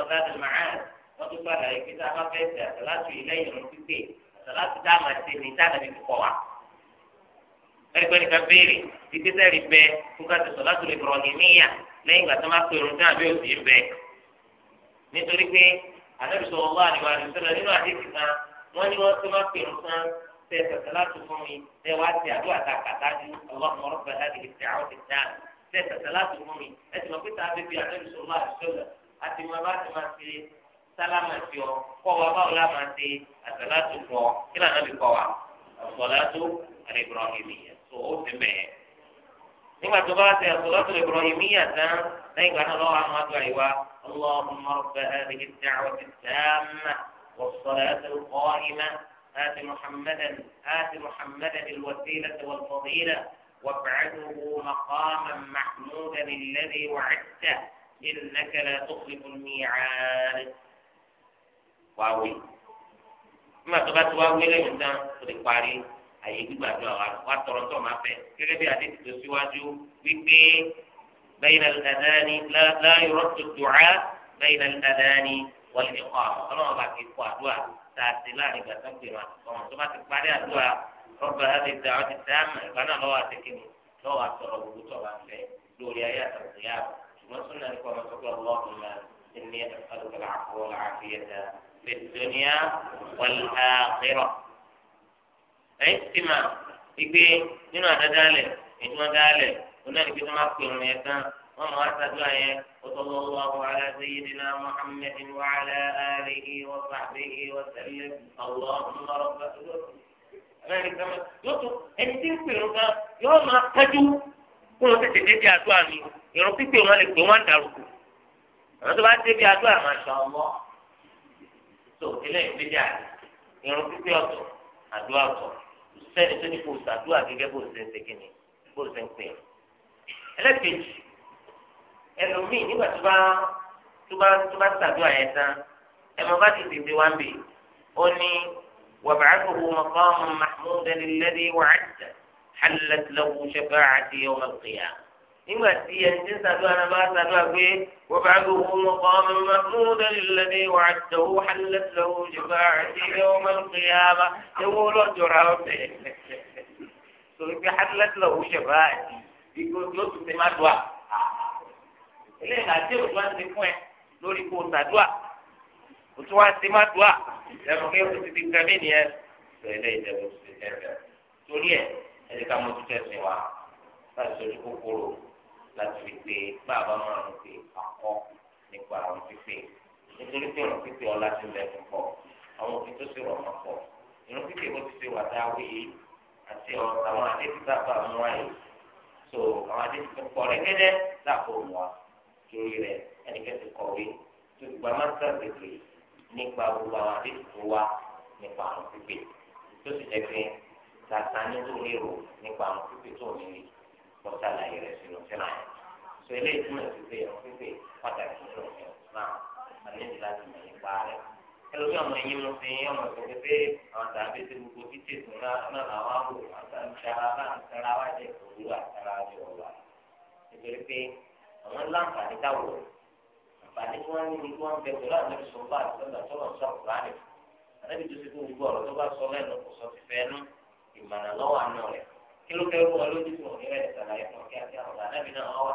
wọn sọláàtì tá a máa ṣe ní tá a nàbí kọ wa ẹgbẹ́ nìkan béèrè títí sẹ́ẹ̀rì bẹ kó ká ti sọláàtì lè bọ̀rọ̀ ní níyà lẹ́yìn ìgbà tó máa pe irun náà bí ó sì ń bẹ nítorí pé àdébí sọ wọn wá àdìwà àdìwà sọlá nínú àdìsí kan wọn ní wọn tó máa pe irun kan tẹ sọláàtì fún mi tẹ wá ti àdúrà ta kàtájú ọlọ́run ọ̀rọ̀fẹ́ láti àsàlátù kọ kí lànà bí kọ wa àsàlátù al-Ibrahimiyya tó o ti mẹ́ẹ̀. nígbà tó bá ti àsàlátù al-Ibrahimiyya tán lẹ́yìn ìgbà náà lọ́wọ́ àwọn àgbà yìí wa Allahumma rabba hadhihi ad-da'wati at-tamma was-salati al-qa'ima آت محمدا آت محمدا الوسيلة والفضيلة وابعثه مقاما محمودا الذي وعدته إنك لا تخلف الميعاد. واوي nígbà tó bá ti wá wílé yìí tán kò lè parí àyè gbígbàdúrà wa wá tọrọ tó máa fẹ́ gẹ́gẹ́ bí adéjì tó síwájú wípé bẹyìn aládàáni láàyò rọtò dùrá bẹyìn aládàáni wọlé ní kọ àwọn ọlọ́run bá ti kọ àdúrà tá a ti láàrin ìgbà tó ń pèrò àtọkọ tó bá ti parí àdúrà rọba láti dà ọ ti dáàmà ìgbà náà lọ́wọ́ àtẹkẹni lọ́wọ́ àtọrọ gbogbo tó bá fẹ́ lórí ayé àtàkùn yá ṣùgbọ́n súnà في الدنيا والآخرة فاجتمع يبي من هذا ذلك من ذلك هناك كما يقولون يسان وما أسأل وصلى الله على سيدنا محمد وعلى آله وصحبه وسلم اللهم ربك yóò tún ẹni tí ń pè wọn gan yóò máa kájú kó wọn tètè débi àdúrà mi ìrún pípé wọn lè pè wọn dàrú àwọn tó bá débi àdúrà máa ṣàwọn tó eléyìí gbé dà irun pípé ọ̀tọ̀ àdúrà ọ̀tọ̀ sẹ́ni tó ní kò sàdúrà gẹ́gẹ́ bó ṣe ń ṣe kíni bó ṣe ń pè é ẹlẹ́kejì ẹlòmíì nígbà tó bá tó bá tó bá sàdúrà yẹn tán ẹ̀mọ́ bá ti dìde wá ń bè ó ní وابعثه مقاما محمودا الذي وعدته حلت له شفاعتي يوم القيامه nígbà tí ẹni tí ń sàdúrà náà bá sàdúrà pé wọ́n bá gbé owó wọn kọ́ ọmọ mahmud alilade wà á jẹ owó halilẹ́sẹ̀ owó jùlọ àti ilé wọn máa ń pè é ama ewó lọ́jọ́ra ọ̀fẹ́ torí pé halilẹ́sẹ̀ owó jùlọ àti ìgbò yóò tún ti má dùà ilé ìgbà tí òtún wá ti fún ẹ lórí kó sàdúà òtún wá ti má dùà ẹ̀rọ kí o ti ti kẹ́mí nìyẹn lórílẹ̀ ìjẹ̀bù ti ti tẹ̀ torí ẹ̀ ẹ̀ka mọ́tò tẹ̀sán wa láti sojú kókóró. láti rí pé bàbá máa ń fi àkọ́ nípa àwọn pípé nítorí pé ìrùn pípé ọlá ti lẹ́nu pọ̀ àwọn òfin tó sì rọ̀ mọ́ pọ̀ ìrùn pípé bó ti ṣe wà dáwé yìí àti àwọn àdéhùn sábà mú wáyé so àwọn àdéhùn tó pọ̀ rẹ́gẹ́dẹ́ láàbò mú wa torí rẹ̀ ẹnikẹ́ni kọ̀wé tó gba máta gbèsè nípa gbogbo àwọn àdéhùn tó wá nípa àwọn pípé tó sì jẹ́ pé tàtà ní tó lérò nípa àwọn pípé tó ní rí kọta la yẹrẹ sínú sínú ayé so eléyìí túmọ̀ sí pé ọ̀fíìsì pàtàkì nínú ọ̀fẹ́ náà àlẹ́ ní láti mọ̀ nípa rẹ̀ ẹlòmí ọmọ ẹ̀yìn mo fi ọmọ ìgbẹ́ pé àwọn tàbí ti gbogbo títì tó náà làwọn àwò àtàntara àtàntara wá jẹ òwúrọ̀ àtàrà àti ọ̀la nítorí pé àwọn láǹfààní táwọ̀ àǹfààní tí wọ́n ní ní kí wọ́n bẹ pẹ̀lú àlẹ́ sọ́gbà àtọ́nà tó lọ́n sọ́kù láàrin àlẹ́ tó ti kó gbogbo ọ̀rọ̀ tó bá sọ lẹ́nu kò sọ fífẹ́ nú ìmọ̀ràn lọ́wọ́ àná rẹ̀ kí ló fẹ́ wọ́n lójú tó ní rẹ̀ sàlàyé fún ọ̀kẹ́ àti àwọn ànábì náà wá.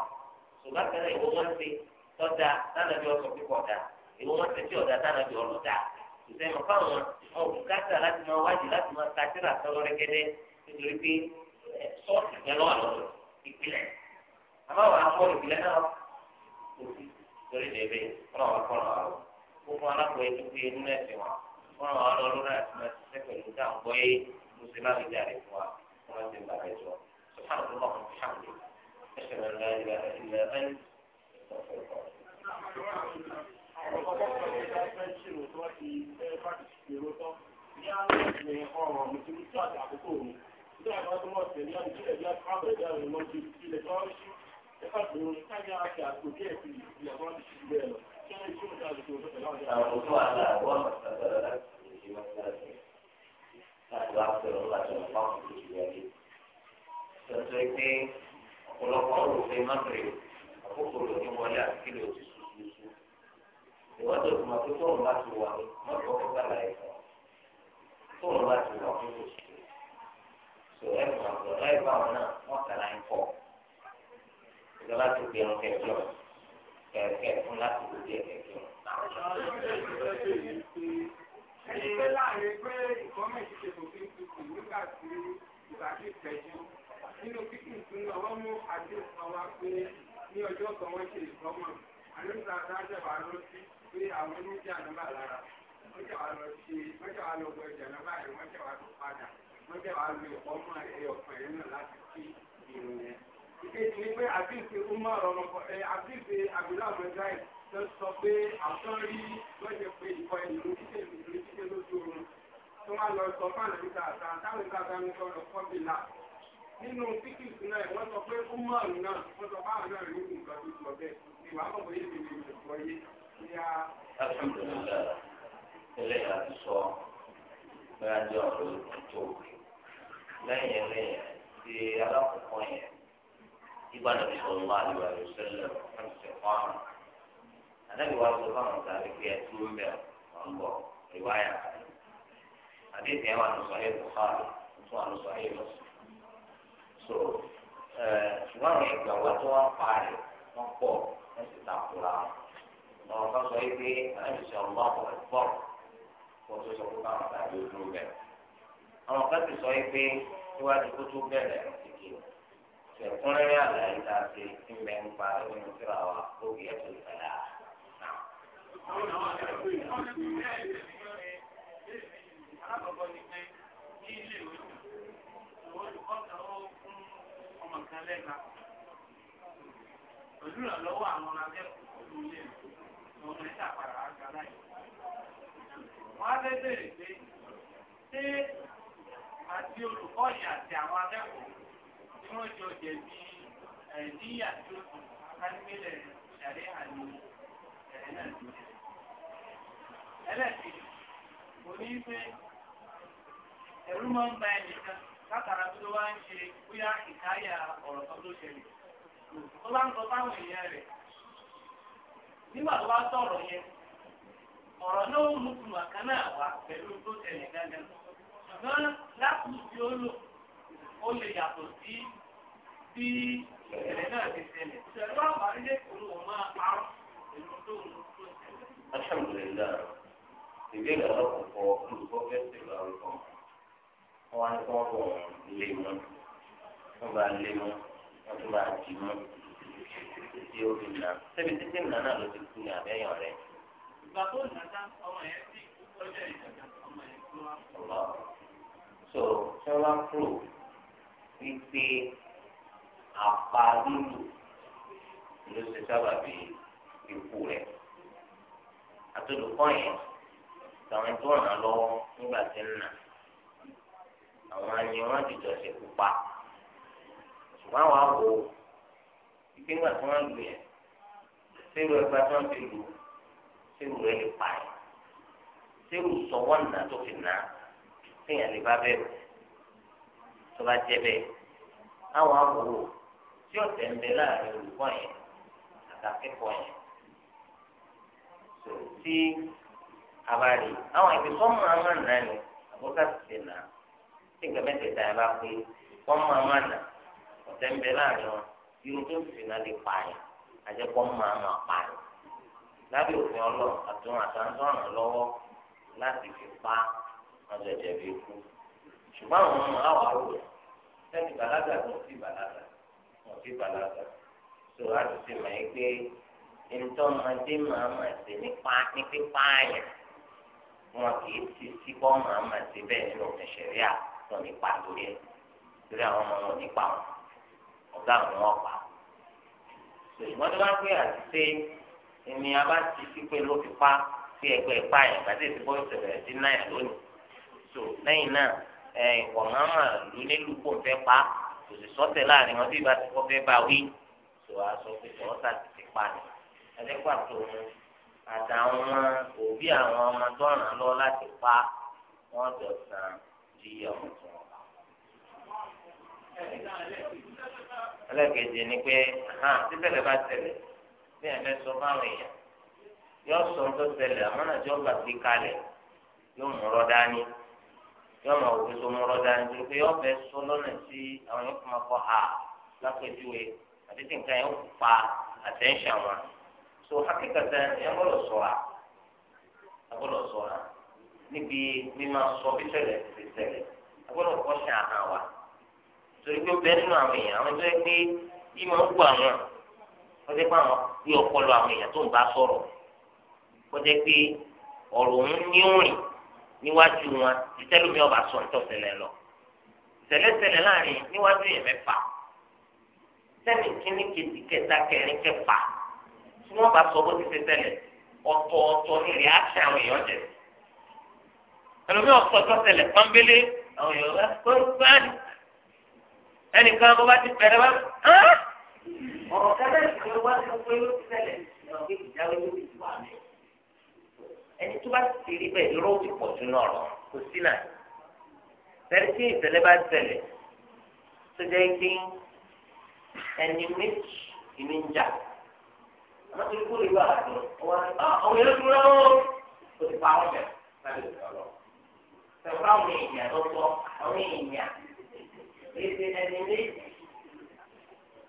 ṣùgbọ́n kẹ́lẹ́ ìwọ wọn ṣe tọ́da tánàbí ọ̀sọ̀ pípọ̀ dà ìwọ wọn ṣe tí ọ̀dà tánàbí ọ̀lọ̀ dà. ìsẹ́nu fáwọn ọ̀bùkátà láti máa wájú láti máa ta síra sọ́wọ́ rẹ́gẹ́dẹ́ nítorí pé sọ́ọ̀tì fẹ́ lọ́wọ́ lọ́dọ̀ ìpìlẹ̀. àbáwọ̀ akọ ìpìlẹ̀ náà kò sí torí lẹ́bẹ̀ fúnra wà fúnra wà lọ. gbogbo alákòóyè tó gbé inú ẹ̀sìn wa fúnra wà lọ lọ́dọ̀ àti máa ṣiṣẹ́ pẹ̀lú dáhùn gbọ́ yé mùsùlùmí àbíjà rẹ̀ fún wa. ومن تبع هجرة سبحانك اللهم وبحمدك أشهد أن لا إله إلا أنت أستغفرك أو هو على أبواب الصلاة في مسألة láti wá pẹ̀lú ọ̀la tó ń fáwọn tó ti wọlé. Tọ́tọ́ pé ọ̀pọ̀lọpọ̀ ọ̀rọ̀ òfin mọ́tìrì àkókò rẹ̀ ní wọlé àti kílè òtí ṣuṣuṣu. Ìwádìí òfin máa tó tóun bá wà mọ́tò ọkọ̀ gbàlà ẹ̀ fún tóun bá wà fún òṣù. Sọ ẹ̀ fún àgbọ̀ láì bá wọn náà wọ́n kà láì pọ̀. Ìjọba ti pè wọn kẹ̀kẹ́ fún láti gbogbo ẹ̀kẹ́ ẹ̀yìn pé láàrin pé ìkọ́mẹ̀sì ṣe tòfin tuntun nígbà tí ìbàdí ìtẹ́jú nínú kíkìn tún náà wọ́n mú àdéhùn kan pé ní ọjọ́ kan wọ́n ṣe ìkọ́mọ̀ àlùsà àdájọba ló sí pé àwọn oníjà náà lára wọ́n jẹ́ wàá lọ ṣe wọ́n jẹ́ wàá lọ gbọ́ ìjà náà báyìí wọ́n jẹ́ wàá tó padà wọ́n jẹ́ wàá lo ìkọ́mọ̀ ẹyọ kan náà láti kí ìròyìn. ìkejì ni pé àbíṣe umar ọmọkọ àbíṣe àbílà ọmọdé tó sọ pé àtọ́rí lọ́jọ́ pé ìkọ́ ẹ̀ lórí sọ fáànà níta àtà wọ́n sọ pé ó mọ̀ náà wọ́n sọ fáànà náà ní nǹkan tó sọ bẹ́ẹ̀ ìwà mọ̀ bóyá èdè mi ò sọ yé bóyá. alhamdulilayi ẹlẹ́yìn àti sọ bóyá jẹ́ ọ̀rọ̀ tó lẹ́yìn lẹ́yìn ti alákọ̀ọ́kọ́ yẹn ìgbà nàbí sọ̀rọ̀ wà lóra rẹ̀ sẹ́lẹ̀ wọ́n ti sẹ̀kọ́ àrùn àdáyé wa sọ fáwọn ọ̀tá rẹ̀ pé ẹ حديث يعني عن صحيح البخاري عن صحيح مسلم so ṣùgbọ́n àwọn ìgbà wa tó wá ń parí wọ́n pọ̀ wọ́n sì takura wọn kan sọ pé àyè sọ wọn kò pọ̀ kó tó sọ pé káwọn tàbí ojú rẹ̀ àwọn kan sì sọ pé síwájú kó tó bẹ̀rẹ̀ ìdíje ṣẹ̀kúnrẹ́rẹ́ àlàyé tá a ṣe ń bẹ ń pa nínú síra wa lórí ẹ̀sùn ìfẹ́lá alákọ̀ọ́kọ́ ni pé ní ilé ìwé olùkọ́ kan ó fún ọmọ kan lẹ́gbàá olùrànlọ́wọ́ àwọn akẹ́kọ̀ọ́ tó lé ọmọ ẹ̀ta àpàrà àgbàlá yìí. wọ́n á fẹ́ bèrè pé ṣé àti olùkọ́ yìí àti àwọn akẹ́kọ̀ọ́ tí wọ́n jọ jẹ̀bi ẹ̀dínyà tó kù kánípínlẹ̀ ṣàlẹ́ àlè ẹ̀rẹ́ náà ló jẹ. ẹlẹ́sìn kò ní í ẹ̀rú máa ń ba ẹnìkan látara tó wá ń ṣe bóyá ìkáyà ọ̀rọ̀ kan tó ṣẹlẹ̀ tó bá ń sọ fáwọn èèyàn rẹ̀ nígbà tó bá sọ̀rọ̀ yẹn ọ̀rọ̀ náà mú kùmà kan náà wá pẹ̀lú tó ṣẹlẹ̀ gángan ṣùgbọ́n lápùú tí ó lò ó lè yàtọ̀ sí bí ìṣẹ̀lẹ̀ náà ti ṣẹlẹ̀ ṣẹlẹ̀ wà parí lẹ́kọ̀ọ́ wọn máa parọ́ pẹ̀lú tó ń lò tó ṣẹlẹ̀ wọn ní kọ́ bọ̀ lé mu wọn bá lé mu wọn tún bá dì mu títí ó fi nà sẹ́bi títí nà náà ló ti kú ní abẹ́yàn rẹ̀. ìgbà tó nà dá ọmọ yẹn sí ọjọ́ ìjọba ọmọ yẹn tó wá. so ṣé wọn bá kúrò wípé àpá lulu ló ṣe sábàbí ikú rẹ̀ àtolùkọ́ yẹn tàwọn tó ràn án lọ́wọ́ nígbà tí ń nà àwọn ni wọ́n ti jọ ṣe pupa ṣùgbọ́n àwọn àwò ìgbéga tí wọ́n lù yẹn sẹ́rù ẹgbẹ́ tí wọ́n ti lù sẹ́rù rẹ̀ lè pa ẹ̀ sẹ́rù sọ̀wọ́n nà tó fi nà sẹ́yìn àlè bá bẹ̀rù tó bá jẹ́ bẹ́ẹ̀ àwọn àwò tí ọ̀tẹ̀ ń bẹ láàrin olùkọ́ yẹn àtàkẹ́kọ̀ọ́ yẹn tí a bá rí àwọn ìfisọ́mọ àwọn náà ni àbúkà ti ṣe náà tí nǹkan mẹ́tẹ̀ẹ̀ta yẹn bá pé wọ́n máa máa nà ọ̀tẹ̀ ń bẹ láàrin wọn irun tó sì náà lè pààyàn àjẹpọ̀ máa máa pààyàn lábẹ́ òfin ọlọ́run àtúnwọ̀n àtàntọ́ràn lọ́wọ́ láti fi pa ọ̀jọ̀jẹ̀ bí kú ṣùgbọ́n àwọn ọmọ àwọn àwòrán sẹ́ni bàlágà tó ti bàlágà wọ́n ti bàlágà tó a ti ti mọ̀ yín pé ntọ́mọdé máa máa ṣe nípa ní pípa wọn kì í ti síbọ́ máa máa ṣe bẹ́ẹ̀ nínú ìṣẹ̀rí wọn ní pa lórí lórí àwọn ọmọ wọn ní pa ọgá àwọn ni wọn pa ṣùgbọ́n tó bá ẹni a ti sí pé ló fi pa sí ẹgbẹ́ ìpa yẹn gbàdé ìdìbò ìṣẹ̀lẹ̀ sí náírà lónìí so lẹ́yìn náà ẹ ìwọ màmá ló nílùú kó fẹ́ pa kò sì sọ́tẹ̀ láàrin wọn bí ìbá ti kọ́ fẹ́ bá wí so a sọ pé sọ́tà ti ti pa ni ẹlẹ́pà tó mu àtàwọn òbí àwọn ọmọ tó ràn lọ láti pa wọ́n jọ sí ọ̀hún tó wọn. ẹlẹ́kẹ̀jẹ̀ ni pé ndị bá tẹ̀lé bí ndị sọ fáwọn èèyàn ndị sọ tó tẹ̀lé àmọ́nà gbà gbé kalẹ̀ yóò mú dání yóò mọ̀ òwe tó dání pé fẹ́ sọ lọ́nà tí àwọn yóò fún nǹkan pa wọn. so akẹ́kọ̀ọ́ gbọ́dọ̀ gbọ́dọ̀ níbi mímọ̀ sọ bí ṣẹlẹ̀ ti ṣẹlẹ̀ agbọ́dọ̀ kọ́ ṣe àhàn wa torí pé bẹ́ẹ̀ nínú àwọn èèyàn àwọn tó yẹ pé ìmọ̀ ń gbọ́ àwọn wọ́n jẹ́ pé àwọn bí ọpọlọ àwọn èèyàn tó ń bá sọ̀rọ̀ wọ́n jẹ́ pé ọ̀rọ̀ òun ní òrìn níwájú wọn títẹ́lómi ọba sọ ń tọ̀sẹ̀lẹ̀ lọ ṣẹlẹ̀ṣẹlẹ̀ láàrin níwájú yẹn mẹ́fà sẹ́ni kíní kejì kẹta kẹrin kẹfà tí wọ́n bá sọ bó ti ṣe ṣẹlẹ̀ ọ̀tọ̀ọ̀tọ̀ ní rìáṣẹ́ àwọn èèyàn jẹ̀sí ẹlòmí ọ̀pọ̀ sọ́sẹ̀lẹ̀ pọ́nbélé àwọn yorùbá pọ́nbélé ẹnìkan bó bá ti bẹ̀rẹ̀ bá ọ̀rọ̀ kẹ́lẹ́ ìṣòro wá sí pé ó ti ṣẹlẹ̀ ìṣòro ìjáwé ló ti wà mí. ẹni tó bá ti rí bẹ́ẹ̀ irọ́ ti pọ̀ jù náà rọ̀ kò sí náà. bẹ́ẹ̀ tí ìṣẹ̀lẹ̀ bá ṣẹlẹ̀ tó jẹ́ pé ẹni méjì ìní ń jà. àmọ́ tó ní kó lè wà ah, ọwọ́ pẹ̀lú àwọn èèyàn lọ́tọ́ àwọn èèyàn èsì ẹni méjì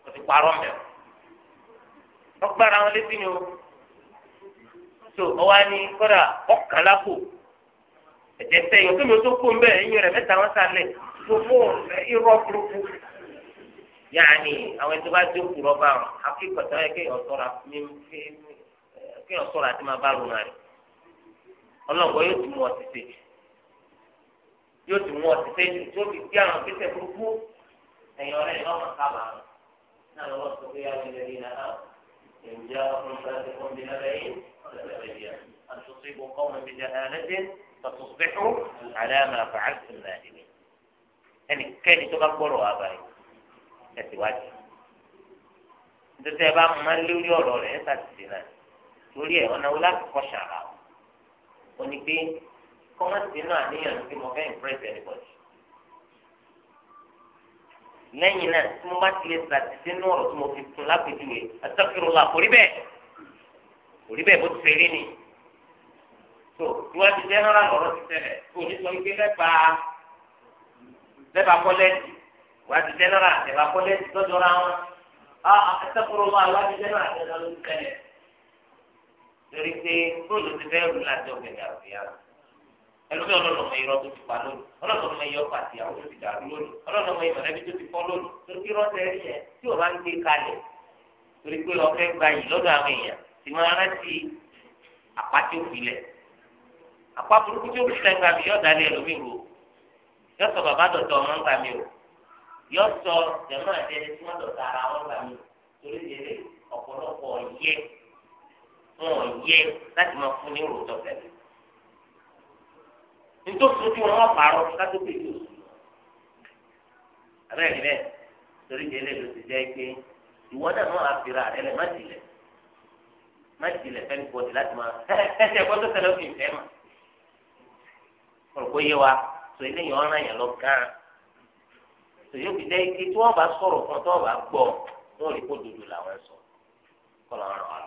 kò ti parọ́ mẹ́ o wọ́n gbára wọn létí ni o tó ọwọ́ ni kọ́dà ọkàn lápò ẹ̀jẹ̀ sẹ́yìn kí mi tó kó ń bẹ́ẹ̀ ẹ̀yìn rẹ̀ mẹ́ta wọn sálẹ̀ irọ́ burúkú yaani àwọn tó kéèyàn kéèyàn àti máa bá yóò tún yóò ti mú ọtí fẹ́ẹ́ tó fi kí àwọn pẹ́sẹ̀ burúkú ẹ̀yìn ọ̀rẹ́ ìlú ọmọ sábà náà lọ́wọ́ sọ pé àwọn ilẹ̀ yìí náà ìjà ọkùnrin fẹ́ẹ́ ti fún mi lábẹ́ yìí ọ̀rẹ́ bẹ̀rẹ̀ yìí àtúnṣe ìbò kọ́ wọn bíi jahanẹ́dẹ́ tọ̀tùsífẹ́hù àdáàmà fàáṣì nàìjíríà ẹnikẹ́ni tó bá gbọ́rọ̀ wà báyìí ẹ ti wájú bá máa lórí ọ̀rọ̀ ẹ̀ ọ̀nà wo kọ́mọ̀tì náà níyànjú pé mo fẹ́ impress anybody. lẹ́yìn náà tí mo bá ti lè ṣàtìsí inú ọ̀rọ̀ tí mo fi kun lápèjúwe àtàkùrọ̀lá kò rí bẹ́ẹ̀ kò rí bẹ́ẹ̀ bó ti ṣe rí ni. tó ìwádìí general ọ̀rọ̀ ti tẹ̀lẹ̀ kò ní sọ wípé lẹ́pa lẹ́pa kọ́lẹ́tì ìwádìí general lẹ́pa kọ́lẹ́tì lọ́jọ́ra wọn àtàkùrọ̀lá ìwádìí general lẹ́pa ló ti tẹ̀lẹ̀ torí pé bóòlù ti fẹ́ rú láti ọ̀gbìn àrùbíyàrá ẹlòmí ọlọ́nà ọmọ irọ́ tó ti pa lónìí ọlọ́nà ọmọ iye ọkọ̀ àti ìyàwó tó ti dàrú lónìí ọlọ́nà ọmọ ìmọ̀lẹ́ bí tó ti fọ́ lónìí torí irọ́ tẹ ẹ̀rí yẹn tí o bá ń gbé kalẹ̀ torí pé ọ̀fẹ́ gba yìí lọ́dọ̀ àwọn èèyàn tí wọ́n rántí àpá tí ó filẹ̀ àpá burúkú tí ó filẹ̀ ń gbà mí yọ̀ọ́ dalẹ̀ ẹlòmí ro yọ sọ bàbá dọ̀tọ̀ ọmọ ń gbà mí o yọ sọ nítorí sojú wọn wọn pààrọ̀ kátó pé jù abẹ́rẹ́ bẹ́ẹ̀ torí délé ló ti jẹ́ pé ìwọ náà máa fira rẹ lẹ má tilẹ̀ má tilẹ̀ fẹ́ni bọ̀dì láti máa ẹsẹ̀ ẹ̀kọ́ tó ṣẹlẹ̀ ó fi fẹ́ mà ọ̀rọ̀ kó yé wa sọ eléyìí ọ̀ràn yẹn lọ gán sọ yóò fi jẹ́ pé tí wọ́n bá sọ̀rọ̀ kan tí wọ́n bá gbọ́ wọ́n rí kó dodo làwọn sọ kọ́ làwọn rọ̀ wá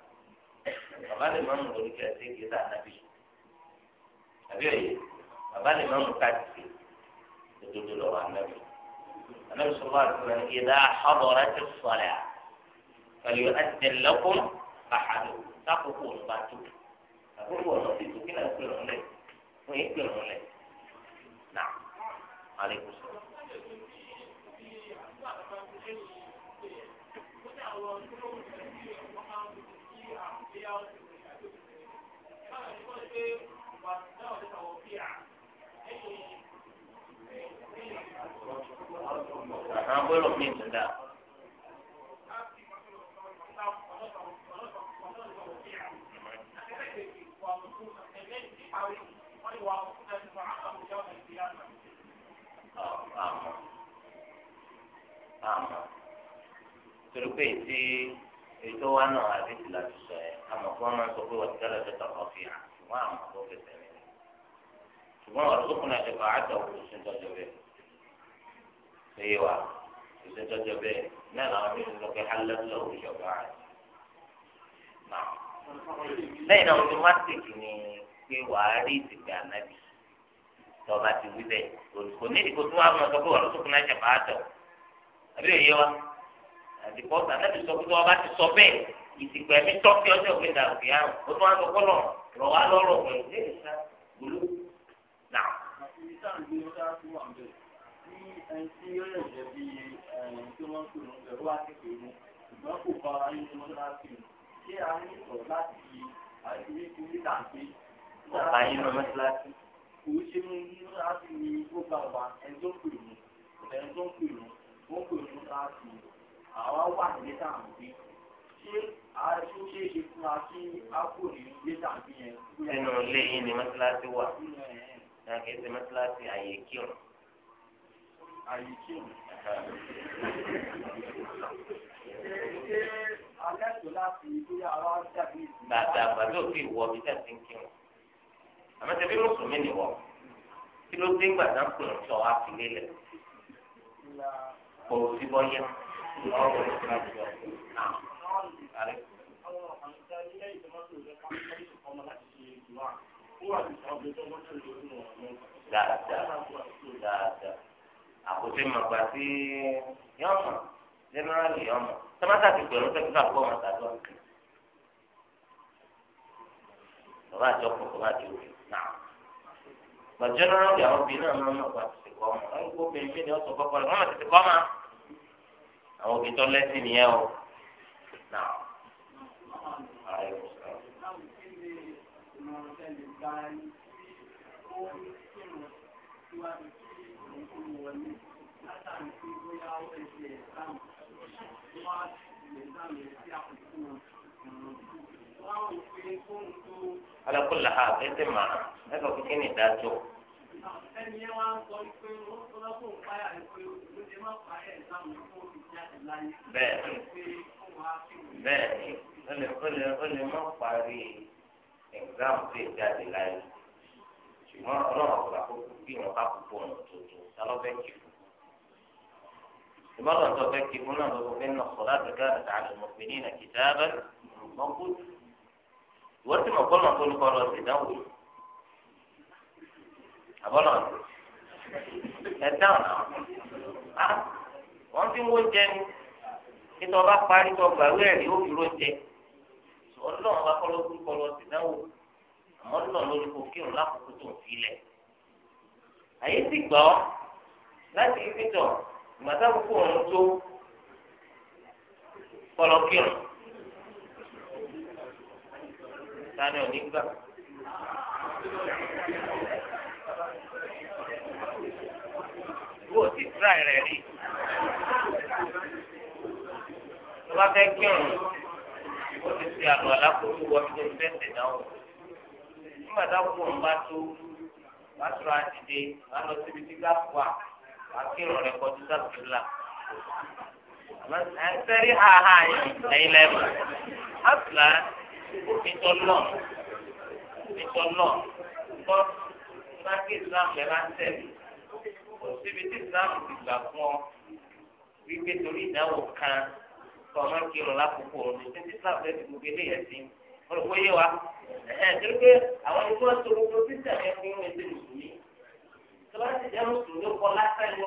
bàbá lè má mú orí kẹrẹ sí kí sáà nàbí àbí òye bàbá lè má mú káàtì sí òdodo lọ́wọ́ ànábì ànábì sọ wá àti sọ̀rọ̀ ìdá àbọ̀rẹ́ ti sọ̀rọ̀ à pẹ̀lú ẹ̀sìn lẹ́kùn àhàdù sákòókò ọ̀nà tó àkókò ọ̀nà tó kí náà pè ọ̀nà lẹ̀ fún ìpè ọ̀nà lẹ̀ nà àlékún sọ. gbọ́dọ̀ mí ìtúndà. àmọ́ àmọ́ torí pé ètí ètò wa náà àdéhùn láti sọ ẹ àmọ́ kí wọn máa sọ pé wọn ti dára fi hàn ṣùgbọ́n àmọ́ tó fẹsẹ̀ nílẹ̀ ṣùgbọ́n ọ̀rọ̀ tó kùnà ṣe fà á tọ òkú sí tọjú bẹ́ẹ̀ ṣe yé wa ìṣèjọjọ bẹ́ẹ̀ náà làwọn mí lọ pé hálẹ́lẹ́ òṣèlú ààrẹ náà lẹ́yìn náà automatic ni pé wàá rí ìsìnkú ànábì tọba ti wí bẹ́ẹ̀ kò ní ìdíkò tó wà mọ sọ pé wà lọsọkù náà ṣe fàá tọ àbí òye wa àdìpọ̀ ànábì sọ pé tọba ti sọ bẹ́ẹ̀ ìsìnkú ẹ̀mí tọ́kí ọjọ́ òfin dàrú kìí àrùn ó tún wá sọ kọ́lọ̀ rọ̀ wá lọ́rọ̀ pẹ̀lú ní ìṣá gbòòlù náà. àti ìṣàǹgbé ọjà tó wà ń bẹ̀ ní ẹni tí ó yẹ̀ jẹ́ bíi wọ́n ń pè ní ọ̀gbẹ́ wá sí pé mú ṣùgbọ́n kò bá ara yín ní mọ́ṣáláṣí mu ṣé a ní sọ̀rọ̀ láti fi àìsíwí fún lítà pé. ọ̀pá yín ní mọ́ṣáláṣí. kò ṣe mú mọ́ṣáláṣí ni ó bá wa ẹni tó pè mú ẹni tó pè mú ó pè mú mọ́ṣáláṣí àwa wà nílé tá à ń gbé ṣé a ṣe ó ṣeé ṣe fún wa kí a kò ní ilé tà ń gbé yẹn. nínú ilé yìí ni mọ́ṣáláṣí wà. ẹ̀ ẹ́ ti mọ́ṣáláṣí àyè kírun àyè kí òun. ṣé alẹ́tọ̀ láti ìgbéyà wa dàbí ìsìn. bàtà bàtà òfin ìwọ mi tẹ̀sí ń kí wọn. àmọ́ tẹ̀bí mùsùlùmí ni wọ́n kí ló dé ńgbà náà kò sọ àfilé lẹ̀ kò sí bọ́yá àkóso màgbà sí yọmọ jẹnẹrali yọmọ tẹmátà ti pẹ̀lú tẹkítà kọ ọmọ tàbí ọmọ bàbá àti ọkọ bàbá àti òkè náà gbà jẹnẹrali àwọn obìnrin náà máa ń màgbà tètè kọ ọmọ wọn kó bẹ́ẹ̀ bí ni wọn sọ kọkọ rẹ wọn máa tètè kọ ọmọ àwọn òbí tó lẹ́sìn nìyẹn o náà Thank you alakula ha ẹsẹ ma ẹsẹ kò kí ni dájọ. ẹni yẹn wá ń sọ pé ọlọ́pàá ń pààyà ní pé ó lè ṣùgbọ́n ọlọ́run ọ̀gbà kókó bí wọn bá kókó ọ̀nà tuntun sálọ́ fẹ́ kí fún un. ìbálò tó fẹ́ kí fún náà lọ́wọ́ fẹ́ nà sọ̀rọ̀ àdúgbò àti àlùmọ̀ pé ní ìnàkìtà abẹ́ mọ́kú. ìwọ́n ti mọ̀ kọ́lọ̀ tó lùkọ́ lọ sí àbọ̀lọ̀ ẹ dáhùn náà. Ah, wọ́n ti ń wó jẹ ní kí tó parí tó gbàwé ẹ̀rí ó fi ró jẹ. ọlọ́run bá kọ́lọ́ àmọ́ náà lórí kò kírun lákòókò tó ń filẹ̀ àyè ti gbọ́ láti pítọ̀ ìgbàdàgbò òun tó kọlọ kírun tani ò ní gbà. Wọ́n ti tíra rẹ̀ rí. Tó bá fẹ́ kírun, ó ti ṣe àlọ́ àlákòókò wọ́n ti tó ń tẹ̀ náà nígbà tá a kú òun bá tó wá sọ̀rọ̀ àdìde wá lọ síbi tí ká wà wá kí ìrọ̀ rẹ̀ kọjú sábìlà. àǹtẹ̀rí haha yìí lẹ́yìn lẹ́nu àtìlá ìtọ́ náà ìtọ́ náà kọ́ bá kí Islam rẹ̀ bá ń tẹ̀lé kò síbi tí Islam ti gbà fún ọ wípé torí ìdáwó kan kọ́ ọmọ kí ìrọ̀ lákòókò ọ̀rọ̀ ní títí Islam rẹ̀ ti gbogbo eléyẹ̀ sí ọ̀rọ̀ yé wa ẹ̀ẹ́dẹ́gbẹ́ pé àwọn ẹni tó ń sọ gbogbo títà ẹ̀ fún mi ṣe mùsùlùmí tó bá ti jẹ́ mùsùlùmí kọ lásán ni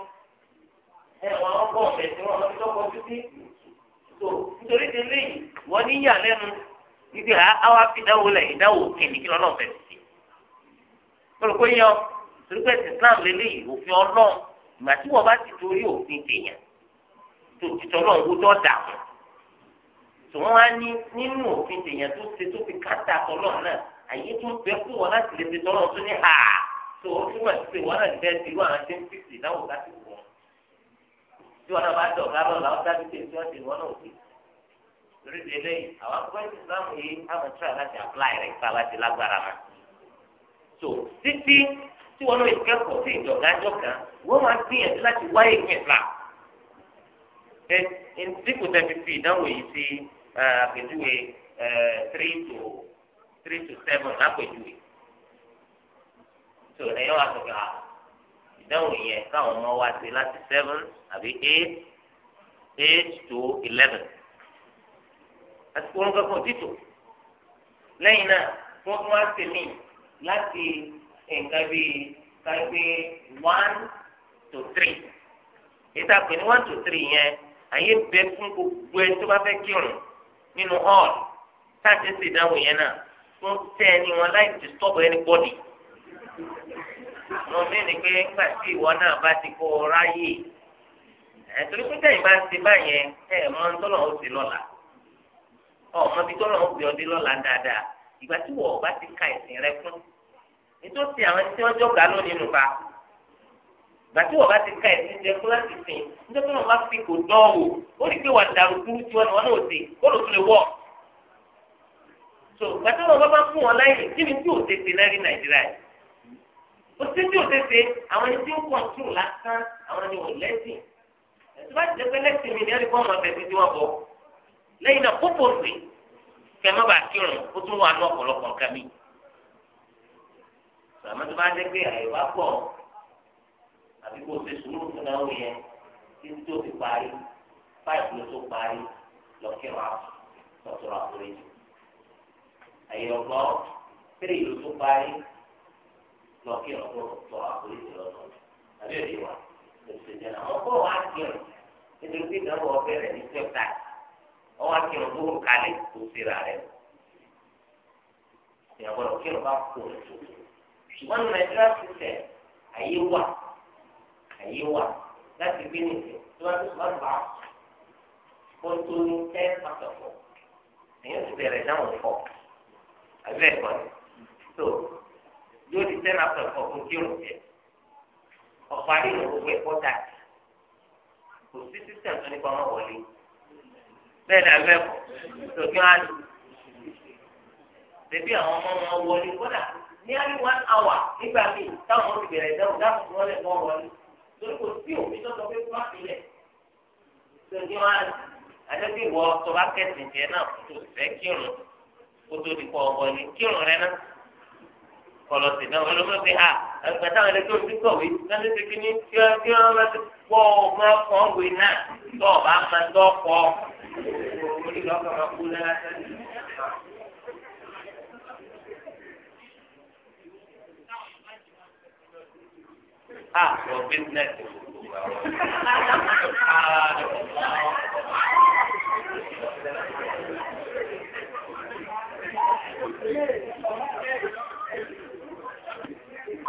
ẹ̀ wọ́n ọkọ̀ ọ̀bẹ tí wọ́n ti tọ́kọ títí tó nítorí ti lé wọ́n ní yà lẹ́nu ibi ha awa fi dáwó lẹ̀ ìdáwó kìnnì kí lọ́nà ọ̀bẹ sí. pẹ̀lúkọ yẹn torí pé Islam lélẹ̀ òfin ọlọ́run ìgbà tí wọ́n bá ti torí òfin tèèyàn tó ti tọ́lọ́ tòun á ní nínú òfin tèèyàn tó ṣe tó fi káta tọ́lọ̀ náà àyè tó ń bẹ fún wọn láti lè fi tọ́lọ̀ tó ní hà tó o túmọ̀ sí pé wọn náà fẹ́ẹ́ tìlú àwọn tí ń fìsì náà wò láti wọ̀ tí wọn náà bá dọ̀ lárọ̀ làwọn dábì tẹ̀ tí wọ́n ti wọ́n náà wò lórí ti eléyìí àwọn akọ́ṣẹ́ ìsìlámù yìí àwọn tíra láti apply rẹ̀ ìfà láti lágbára mọ́ so títí tí wọn náà ìkẹ́kọ̀ọ́ sí ìjọ̀gájọ́ kan wọ́n máa gbìyànjú láti wáyé ìpínlẹ̀ ẹ̀ ẹ̀ ń dínkù tẹ́ fi fi ìdánwò yìí sí Eh, àpèjúwe eh, three to three to seven lápèjúwe tó ẹ̀yọ́ àtọ̀gà ìdáhùn yẹn káwọn ọmọ wa ti láti seven àbí eight eight to eleven àti wọn kankan títò lẹ́yìn náà wọ́n tún wá sí mi láti nǹkan bíi káyọ̀pé one to three ìtàkùn ní one to three yẹn àyè bẹ fún gbogbo ẹ tó bá fẹ́ kírun. nínú hall táàtì sì dáhùn yẹn náà wọ́n tẹ́ ẹni wọn láì disturb anybody lọ mí ni pé nígbà tí ìwọ náà bá ti kó ráyè ẹ̀tọ́ pípẹ́ ti báyẹn ẹ̀ mọ tọ́lọ̀ ó sì lọ́la ọmọ bíi tọ́lọ̀ ó gbé ọdí ti ka ìsìn rẹ fún ètò àwọn tí wọ́n jọ̀gá lónìí gbàtí wọn bá ti ka ẹsìn jẹ kó láti sìn nítorí wọn bá fi kò dán o ó rí pé wà dàrú kúrú tí wọn náà ṣe kó ló tún lè wọ. so gbàtí wọn bá fún wọn láyè kí ni tí ò tètè lẹ́rìí nàìjíríà yìí ó ti tí ò tètè àwọn ẹni tí ń kọ̀ǹtù lásán àwọn ẹni ò lẹ́sìn ẹ̀sìn bá ti dẹ́pẹ́ lẹ́sìn mi ní ẹni fún ọmọ ẹ̀fẹ́ títí wọn bọ̀ lẹ́yìn náà púpọ̀ sí kẹ́ má bàa kírun ó tún wà ní ọ̀pọ̀lọpọ̀ nǹkan mi. àmọ́ tó bá dẹ́pẹ́ àyè wá pọ̀ àbí kó o ṣe sùúrù fún náà yẹn tí tí o fi parí báyìí ló tó parí lọ́kẹ́rọ àpò lọ́tọ̀rọ̀ àforíjì. àyẹ̀wò péré ìlú tó parí lọ́kẹ́rọ tó tọ̀rọ̀ àforíjì lọ́tọ̀ àbí èdè wa lọ́sẹ̀ jẹ́ náà wọ́n kọ́ wá kírun nítorí pé ìdánwò ọbẹ̀ rẹ̀ ní sẹ́ta wọ́n wá kírun tó ń kalẹ̀ tó síra rẹ̀ ìyàgbọ́dọ̀ kírun bá kó o ṣùgbọ́n nàìjíríà ti tẹ̀ àyè wà àyè wà láti gbé nìkan tí wọ́n ti sọ bá kó tó ní ten pàtó fún èyàn ti bẹ̀rẹ̀ dáhùn fọ́ abẹ́ ẹ̀kọ́ ni so yóò di ten pàtó fún fún kí òun jẹ ọ̀pọ̀ àdéhùn gbogbo ẹ̀kọ́ dà kò sí sísẹ̀m tó nípa ọmọ wọlé bẹ́ẹ̀ ni abẹ́ ẹ̀kọ́ tó kí wọ́n á lò tẹ̀bí àwọn ọmọ wọn wọlé kódà ní àyè one hour nígbà míì táwọn ó ti bẹ̀rẹ̀ dáhùn dáhùn tí wọ́n lè wọlé torí kò sí òfin tó sọ pé kó má fi lẹ̀. sèǹkì wá àdébí wọ tó bá kẹsì jẹ náà tó fẹ́ kírun kó tó di kọ ọkọ ní kírun rẹ náà kọlọ sí náà olómi fi hà ẹgbẹ táwọn ẹlẹgbẹ òfin kọwé lọdún tó kí ní kí wọn kí wọn bá ti pọ ọmọ kan wé náà tó ọba máa tó ọkọ àpò bísínẹ́sì gbogbo àwọn.